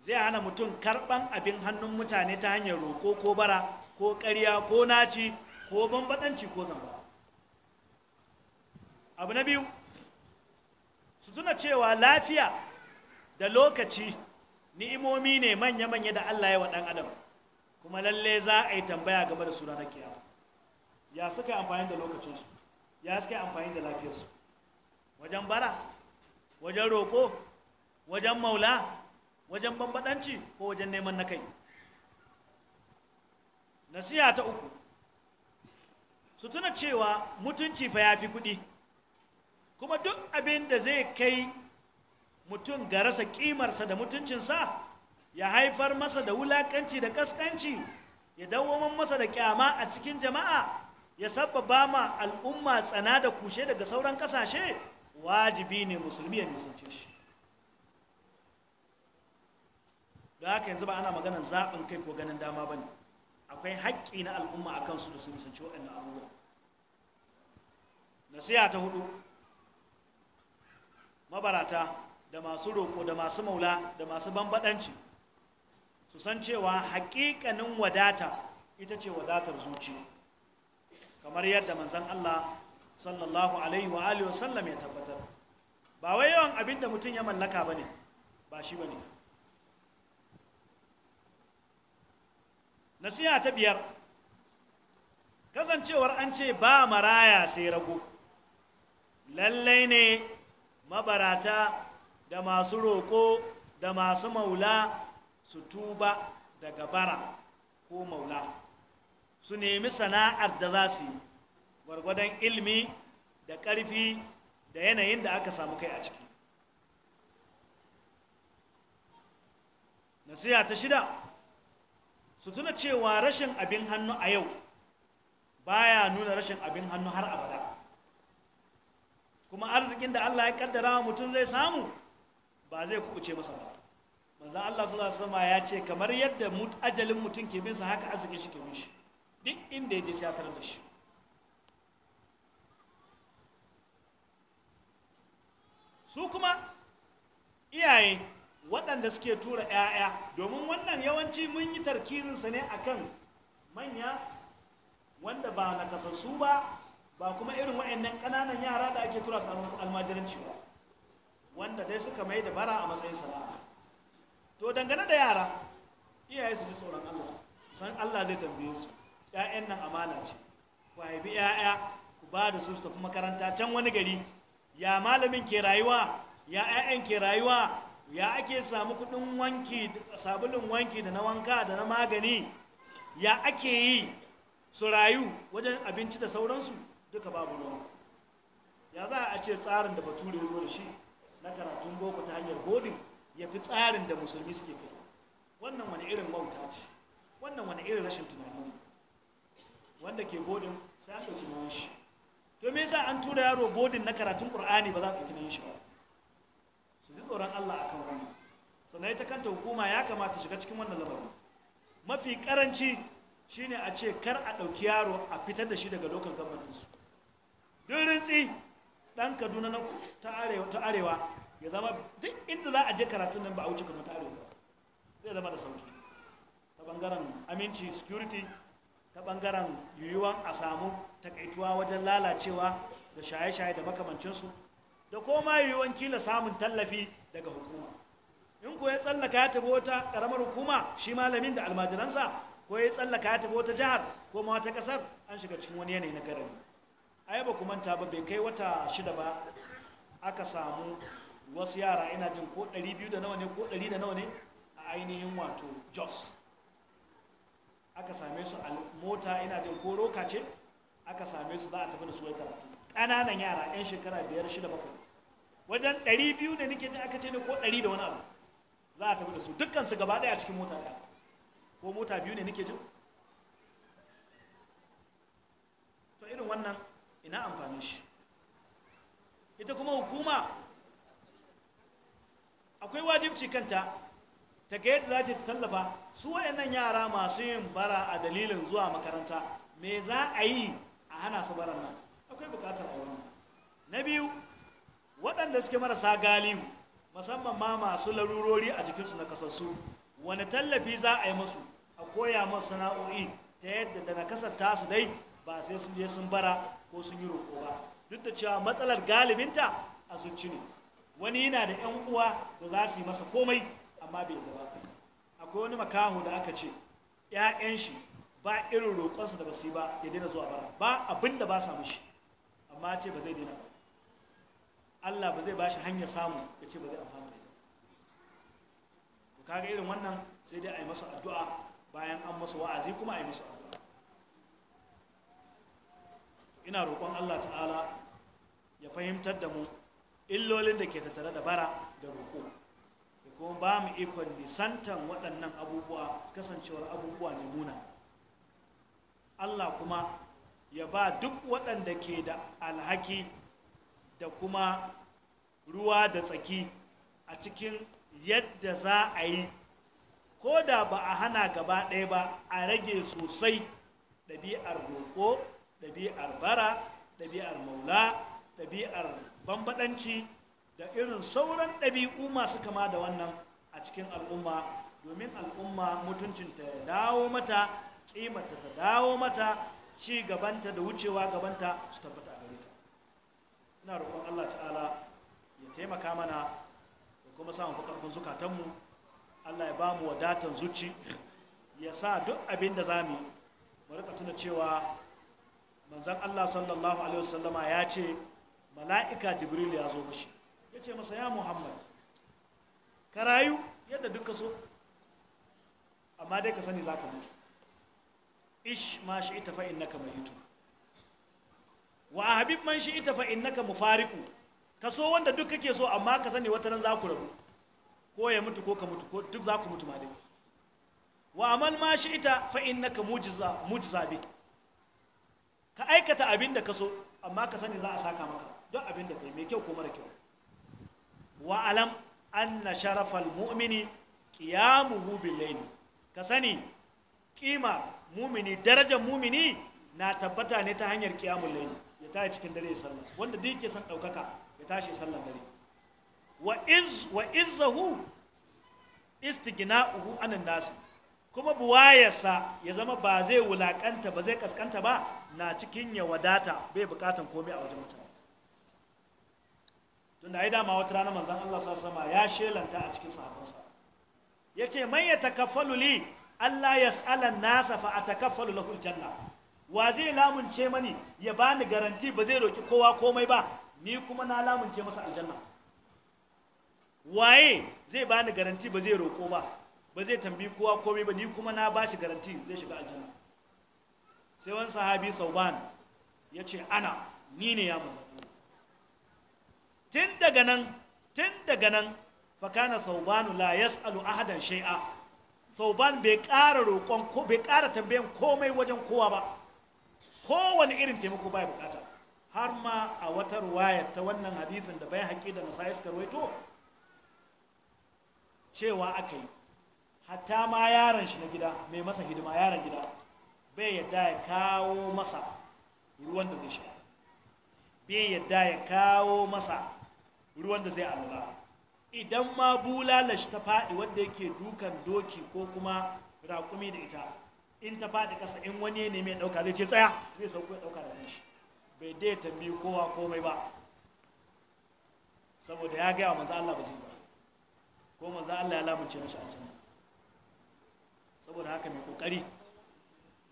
zai hana mutum karɓan abin hannun mutane ta hanyar roko ko bara ko ƙarya ko naci ko bambaɗanci ko zamba abu na biyu su tuna cewa lafiya da lokaci ni'imomi ne manya-manya da allah ya wa ɗan adam kuma lalle za a yi tambaya game da sura na kiyama ya suka kai amfani da lokacinsu ya suka kai amfani da lafiyarsu wajen bara wajen roko, wajen maula wajen bambadanci ko wajen neman na kai nasiya ta uku su tuna cewa mutunci fa ya fi kudi kuma duk abin da zai kai mutum ga rasa ƙimarsa da mutuncinsa ya haifar masa da wulakanci da kaskanci ya dawoman masa da kyama a cikin jama'a ya sababa ma al'umma tsana da kushe daga sauran kasashe wajibi ne musulmi ya nisance shi don haka yanzu ba ana maganar zaɓin kai ko ganin dama ba ne akwai haƙƙi na al'umma a kansu da su nisanci waɗannan abubuwa nasiya ta hudu mabarata da masu roƙo da masu maula da masu bambaɗanci su san cewa haƙiƙanin wadata ita ce wadatar zuciya kamar yadda manzan Allah sallallahu alaihi wa alihi ya tabbatar ba wai yawan abin da mutum ya mallaka ba ne ba shi ba ne nasiha ta biyar kasancewar an ce ba maraya sai rago lallai ne mabarata da masu roƙo da masu maula su tuba daga bara ko maula su nemi sana'ar da za su yi gwargwadon ilmi da ƙarfi da yanayin da aka samu kai a ciki nasiha ta shida su tuna cewa rashin abin hannu a yau baya nuna rashin abin hannu har abada kuma arzikin da Allah ya kaddara mutum zai samu ba zai kubuce masa ba manzan Allah zasu sama ya ce kamar yadda ajalin mutum ke bin haka arzikin shi ke bin duk inda ya je sai tarar da shi su kuma iyaye waɗanda suke tura 'ya'ya domin wannan yawanci mun yi tarkizinsa ne akan manya wanda ba nakasassu ba ba kuma irin wa'annan ƙananan yara da ake tura su almajiranci ba wanda dai suka mai da bara a matsayin sana'a to dangane da yara iyaye su ji tsoron allah san allah zai tambaye su 'ya'yan nan amana ce ku haifi 'ya'ya ku ba da su su tafi makaranta can wani gari ya malamin ke rayuwa ya 'ya'yan ke rayuwa ya ake samu kudin wanki sabulun wanki da na wanka da na magani ya ake yi su rayu wajen abinci da sauransu duka babu ruwan ya za a ce tsarin da bature zo da shi na karatun boko ta hanyar bodin ya fi tsarin da musulmi suke kai wannan wani irin wauta ce wannan wani irin rashin tunani ne wanda ke bodin sai an ɗauki nauyin shi to me yasa an tura yaro bodin na karatun ƙur'ani ba za a ɗauki nauyin shi ba tsoron Allah a kan wannan sannan ita kanta hukuma ya kamata shiga cikin wannan lamarin mafi karanci shine a ce kar a ɗauki yaro a fitar da shi daga lokal gwamnatinsu duk rintsi ɗan kaduna na ta arewa ya zama duk inda za a je karatun nan ba a wuce kaduna ta arewa zai zama da sauki ta ɓangaren aminci security ta ɓangaren yiwuwan a samu takaituwa wajen lalacewa da shaye-shaye da makamancinsu da koma yiwuwan na samun tallafi daga hukuma in ko ya tsallaka ya tafi wata karamar hukuma shi malamin da almajiransa ko ya tsallaka ya tafi wata jihar ko ma wata kasar an shiga cikin wani yanayi na garari ai ba manta ba bai kai wata shida ba aka samu wasu yara ina jin ko 200 da nawa ne ko 100 da nawa ne a ainihin wato jos aka same su a mota ina jin ko roka ce aka same su za a tafi da su wai karatu ƙananan yara 'yan shekara biyar shida bakwai wajen 200 da nake ji aka ce ne ko 100 da wani abu za a tafi da su dukkan su gaba daya a cikin mota daya ko mota biyu ne nake jin to irin wannan ina amfanin shi ita kuma hukuma akwai wajibci kanta ta ga yadda za ta tallafa su waɗannan yara masu yin bara a dalilin zuwa makaranta me za a yi a hana su baran nan akwai bukatar a na biyu waɗanda suke marasa galihu musamman ma masu larurori a jikinsu na kasassu wani tallafi za a yi masu a koya masu sana'o'i ta yadda da nakasar tasu dai ba sai sun je sun bara ko sun yi roƙo ba duk da cewa matsalar galibinta a zuci ne wani yana da 'yan uwa da za su yi masa komai amma bai da ba akwai wani makaho da aka ce 'ya'yan shi ba irin roƙonsa da ba su yi ba ya daina zuwa bara ba abin da ba sa mishi amma ce ba zai daina ba Allah ba zai ba shi hanyar samu ya ce ba zai amfana da ita to kaga irin wannan sai dai a yi masu addu'a bayan an masu wa'azi kuma a yi masu addu'a ina roƙon Allah ta'ala ya fahimtar da mu illolin da ke tattare da bara da roƙo da kuma ba mu ikon nisantan waɗannan abubuwa kasancewar abubuwa ne muna Allah kuma ya ba duk waɗanda ke da alhaki da kuma ruwa da tsaki a cikin yadda za a yi ko da ba a hana gaba ɗaya ba a rage sosai ɗabi'ar roƙo ɗabi'ar bara ɗabi'ar maula ɗabi'ar bambaɗanci da irin sauran ɗabi'u masu kama da wannan a cikin al'umma domin al'umma mutuncinta ya dawo mata ƙimarta ta dawo mata ci gabanta da wucewa gabanta su tabbata ina roƙon Allah ta'ala ya taimaka mana da kuma samun fukarfin zukatanmu Allah ya ba mu wadatan zuci ya sa duk abin da za mu mu tuna cewa manzan Allah sallallahu alaihi wasallama ya ce mala'ika jibril ya zo mashi ya ce masa ya muhammad ka rayu yadda duka so amma dai ka sani za ka mutu ish ma shi ita fa'in na kamar mai wa habib man shi ita fa innaka mufariku ka so wanda duk kake so amma ka sani wata ran za ku rabu ko ya mutu ko ka mutu ko duk za ku mutu ma malami wa amal ma shi ita fa innaka mujiza mujiza bi ka aikata abinda da ka so amma ka sani za a saka maka duk abinda da kai mai kyau ko mara kyau wa alam anna sharafal mu'mini qiyamuhu bil layli ka sani kima mumini darajar mumini na tabbata ne ta hanyar qiyamul layli ya tashi cikin dare ya sallah wanda duk yake son ɗaukaka ya tashi sallar dare wa iz wa izzahu istighna'uhu anan nas kuma buwayarsa ya zama ba zai wulakanta ba zai kaskanta ba na cikin ya wadata bai bukatan komai a wajen mutane tunda ai dama wata rana manzon Allah sallallahu alaihi ya shelanta a cikin sahabbansa yace man yatakaffalu li Allah yas'alan nasa fa atakaffalu lahu aljanna wa zai lamunce mani ya bani garanti ba zai roki kowa komai ba ni kuma na lamunce masa aljanna waye zai bani garanti ba zai roko ba ba zai tambi kowa komai ba ni kuma na ba shi garanti zai shiga aljanna sai wani sahabi sauban ya ce ana ni ne ya manzo tun daga nan tun daga nan fakana saubanu la yas'alu ahadan shay'a sauban bai ƙara roƙon bai ƙara tambayan komai wajen kowa ba kowane irin taimako bai bukata har ma a wata ruwaya ta wannan hadisin da bai haƙi da nasa iskar waito cewa aka yi hatta ma yaron shi na gida mai masa hidima yaron gida bai yadda ya kawo masa ruwan da zai sha bai yadda ya kawo masa ruwan da zai alula idan ma bulalashi ta faɗi wanda yake dukan doki ko kuma raƙumi da ita in ta faɗi ƙasa in wani ne mai ɗauka zai ce tsaya zai sauko ya ɗauka da shi bai dai tambayi kowa komai ba saboda ya gaya wa manzo Allah ba zai ba ko manzo Allah ya lamunce mishi a can saboda haka mai kokari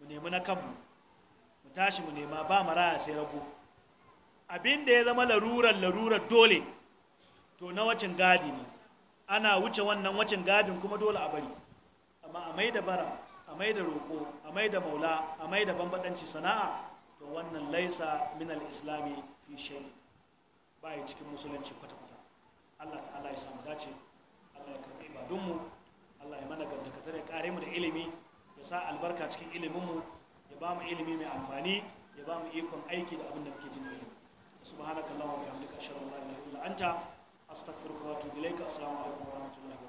mu nemi na kanmu mu tashi mu nema ba maraya sai rago abin da ya zama larurar larurar dole to na wacin gadi ne ana wuce wannan wacin gadin kuma dole a bari amma a mai da bara a mai da roƙo a mai da maula a mai da bambadanci sana'a to wannan laisa min al-islami fi shay ba ya cikin musulunci kwata-kwata Allah ta'ala ya samu dace Allah ya karɓi ibadunmu Allah ya mana gandakata da kare mu da ilimi ya sa albarka cikin iliminmu ya ba mu ilimi mai amfani ya ba mu ikon aiki da abin da muke jin ilimi subhanakallahumma wa bihamdika ashhadu an la ilaha illa anta astaghfiruka wa atubu ilayka assalamu alaikum wa rahmatullahi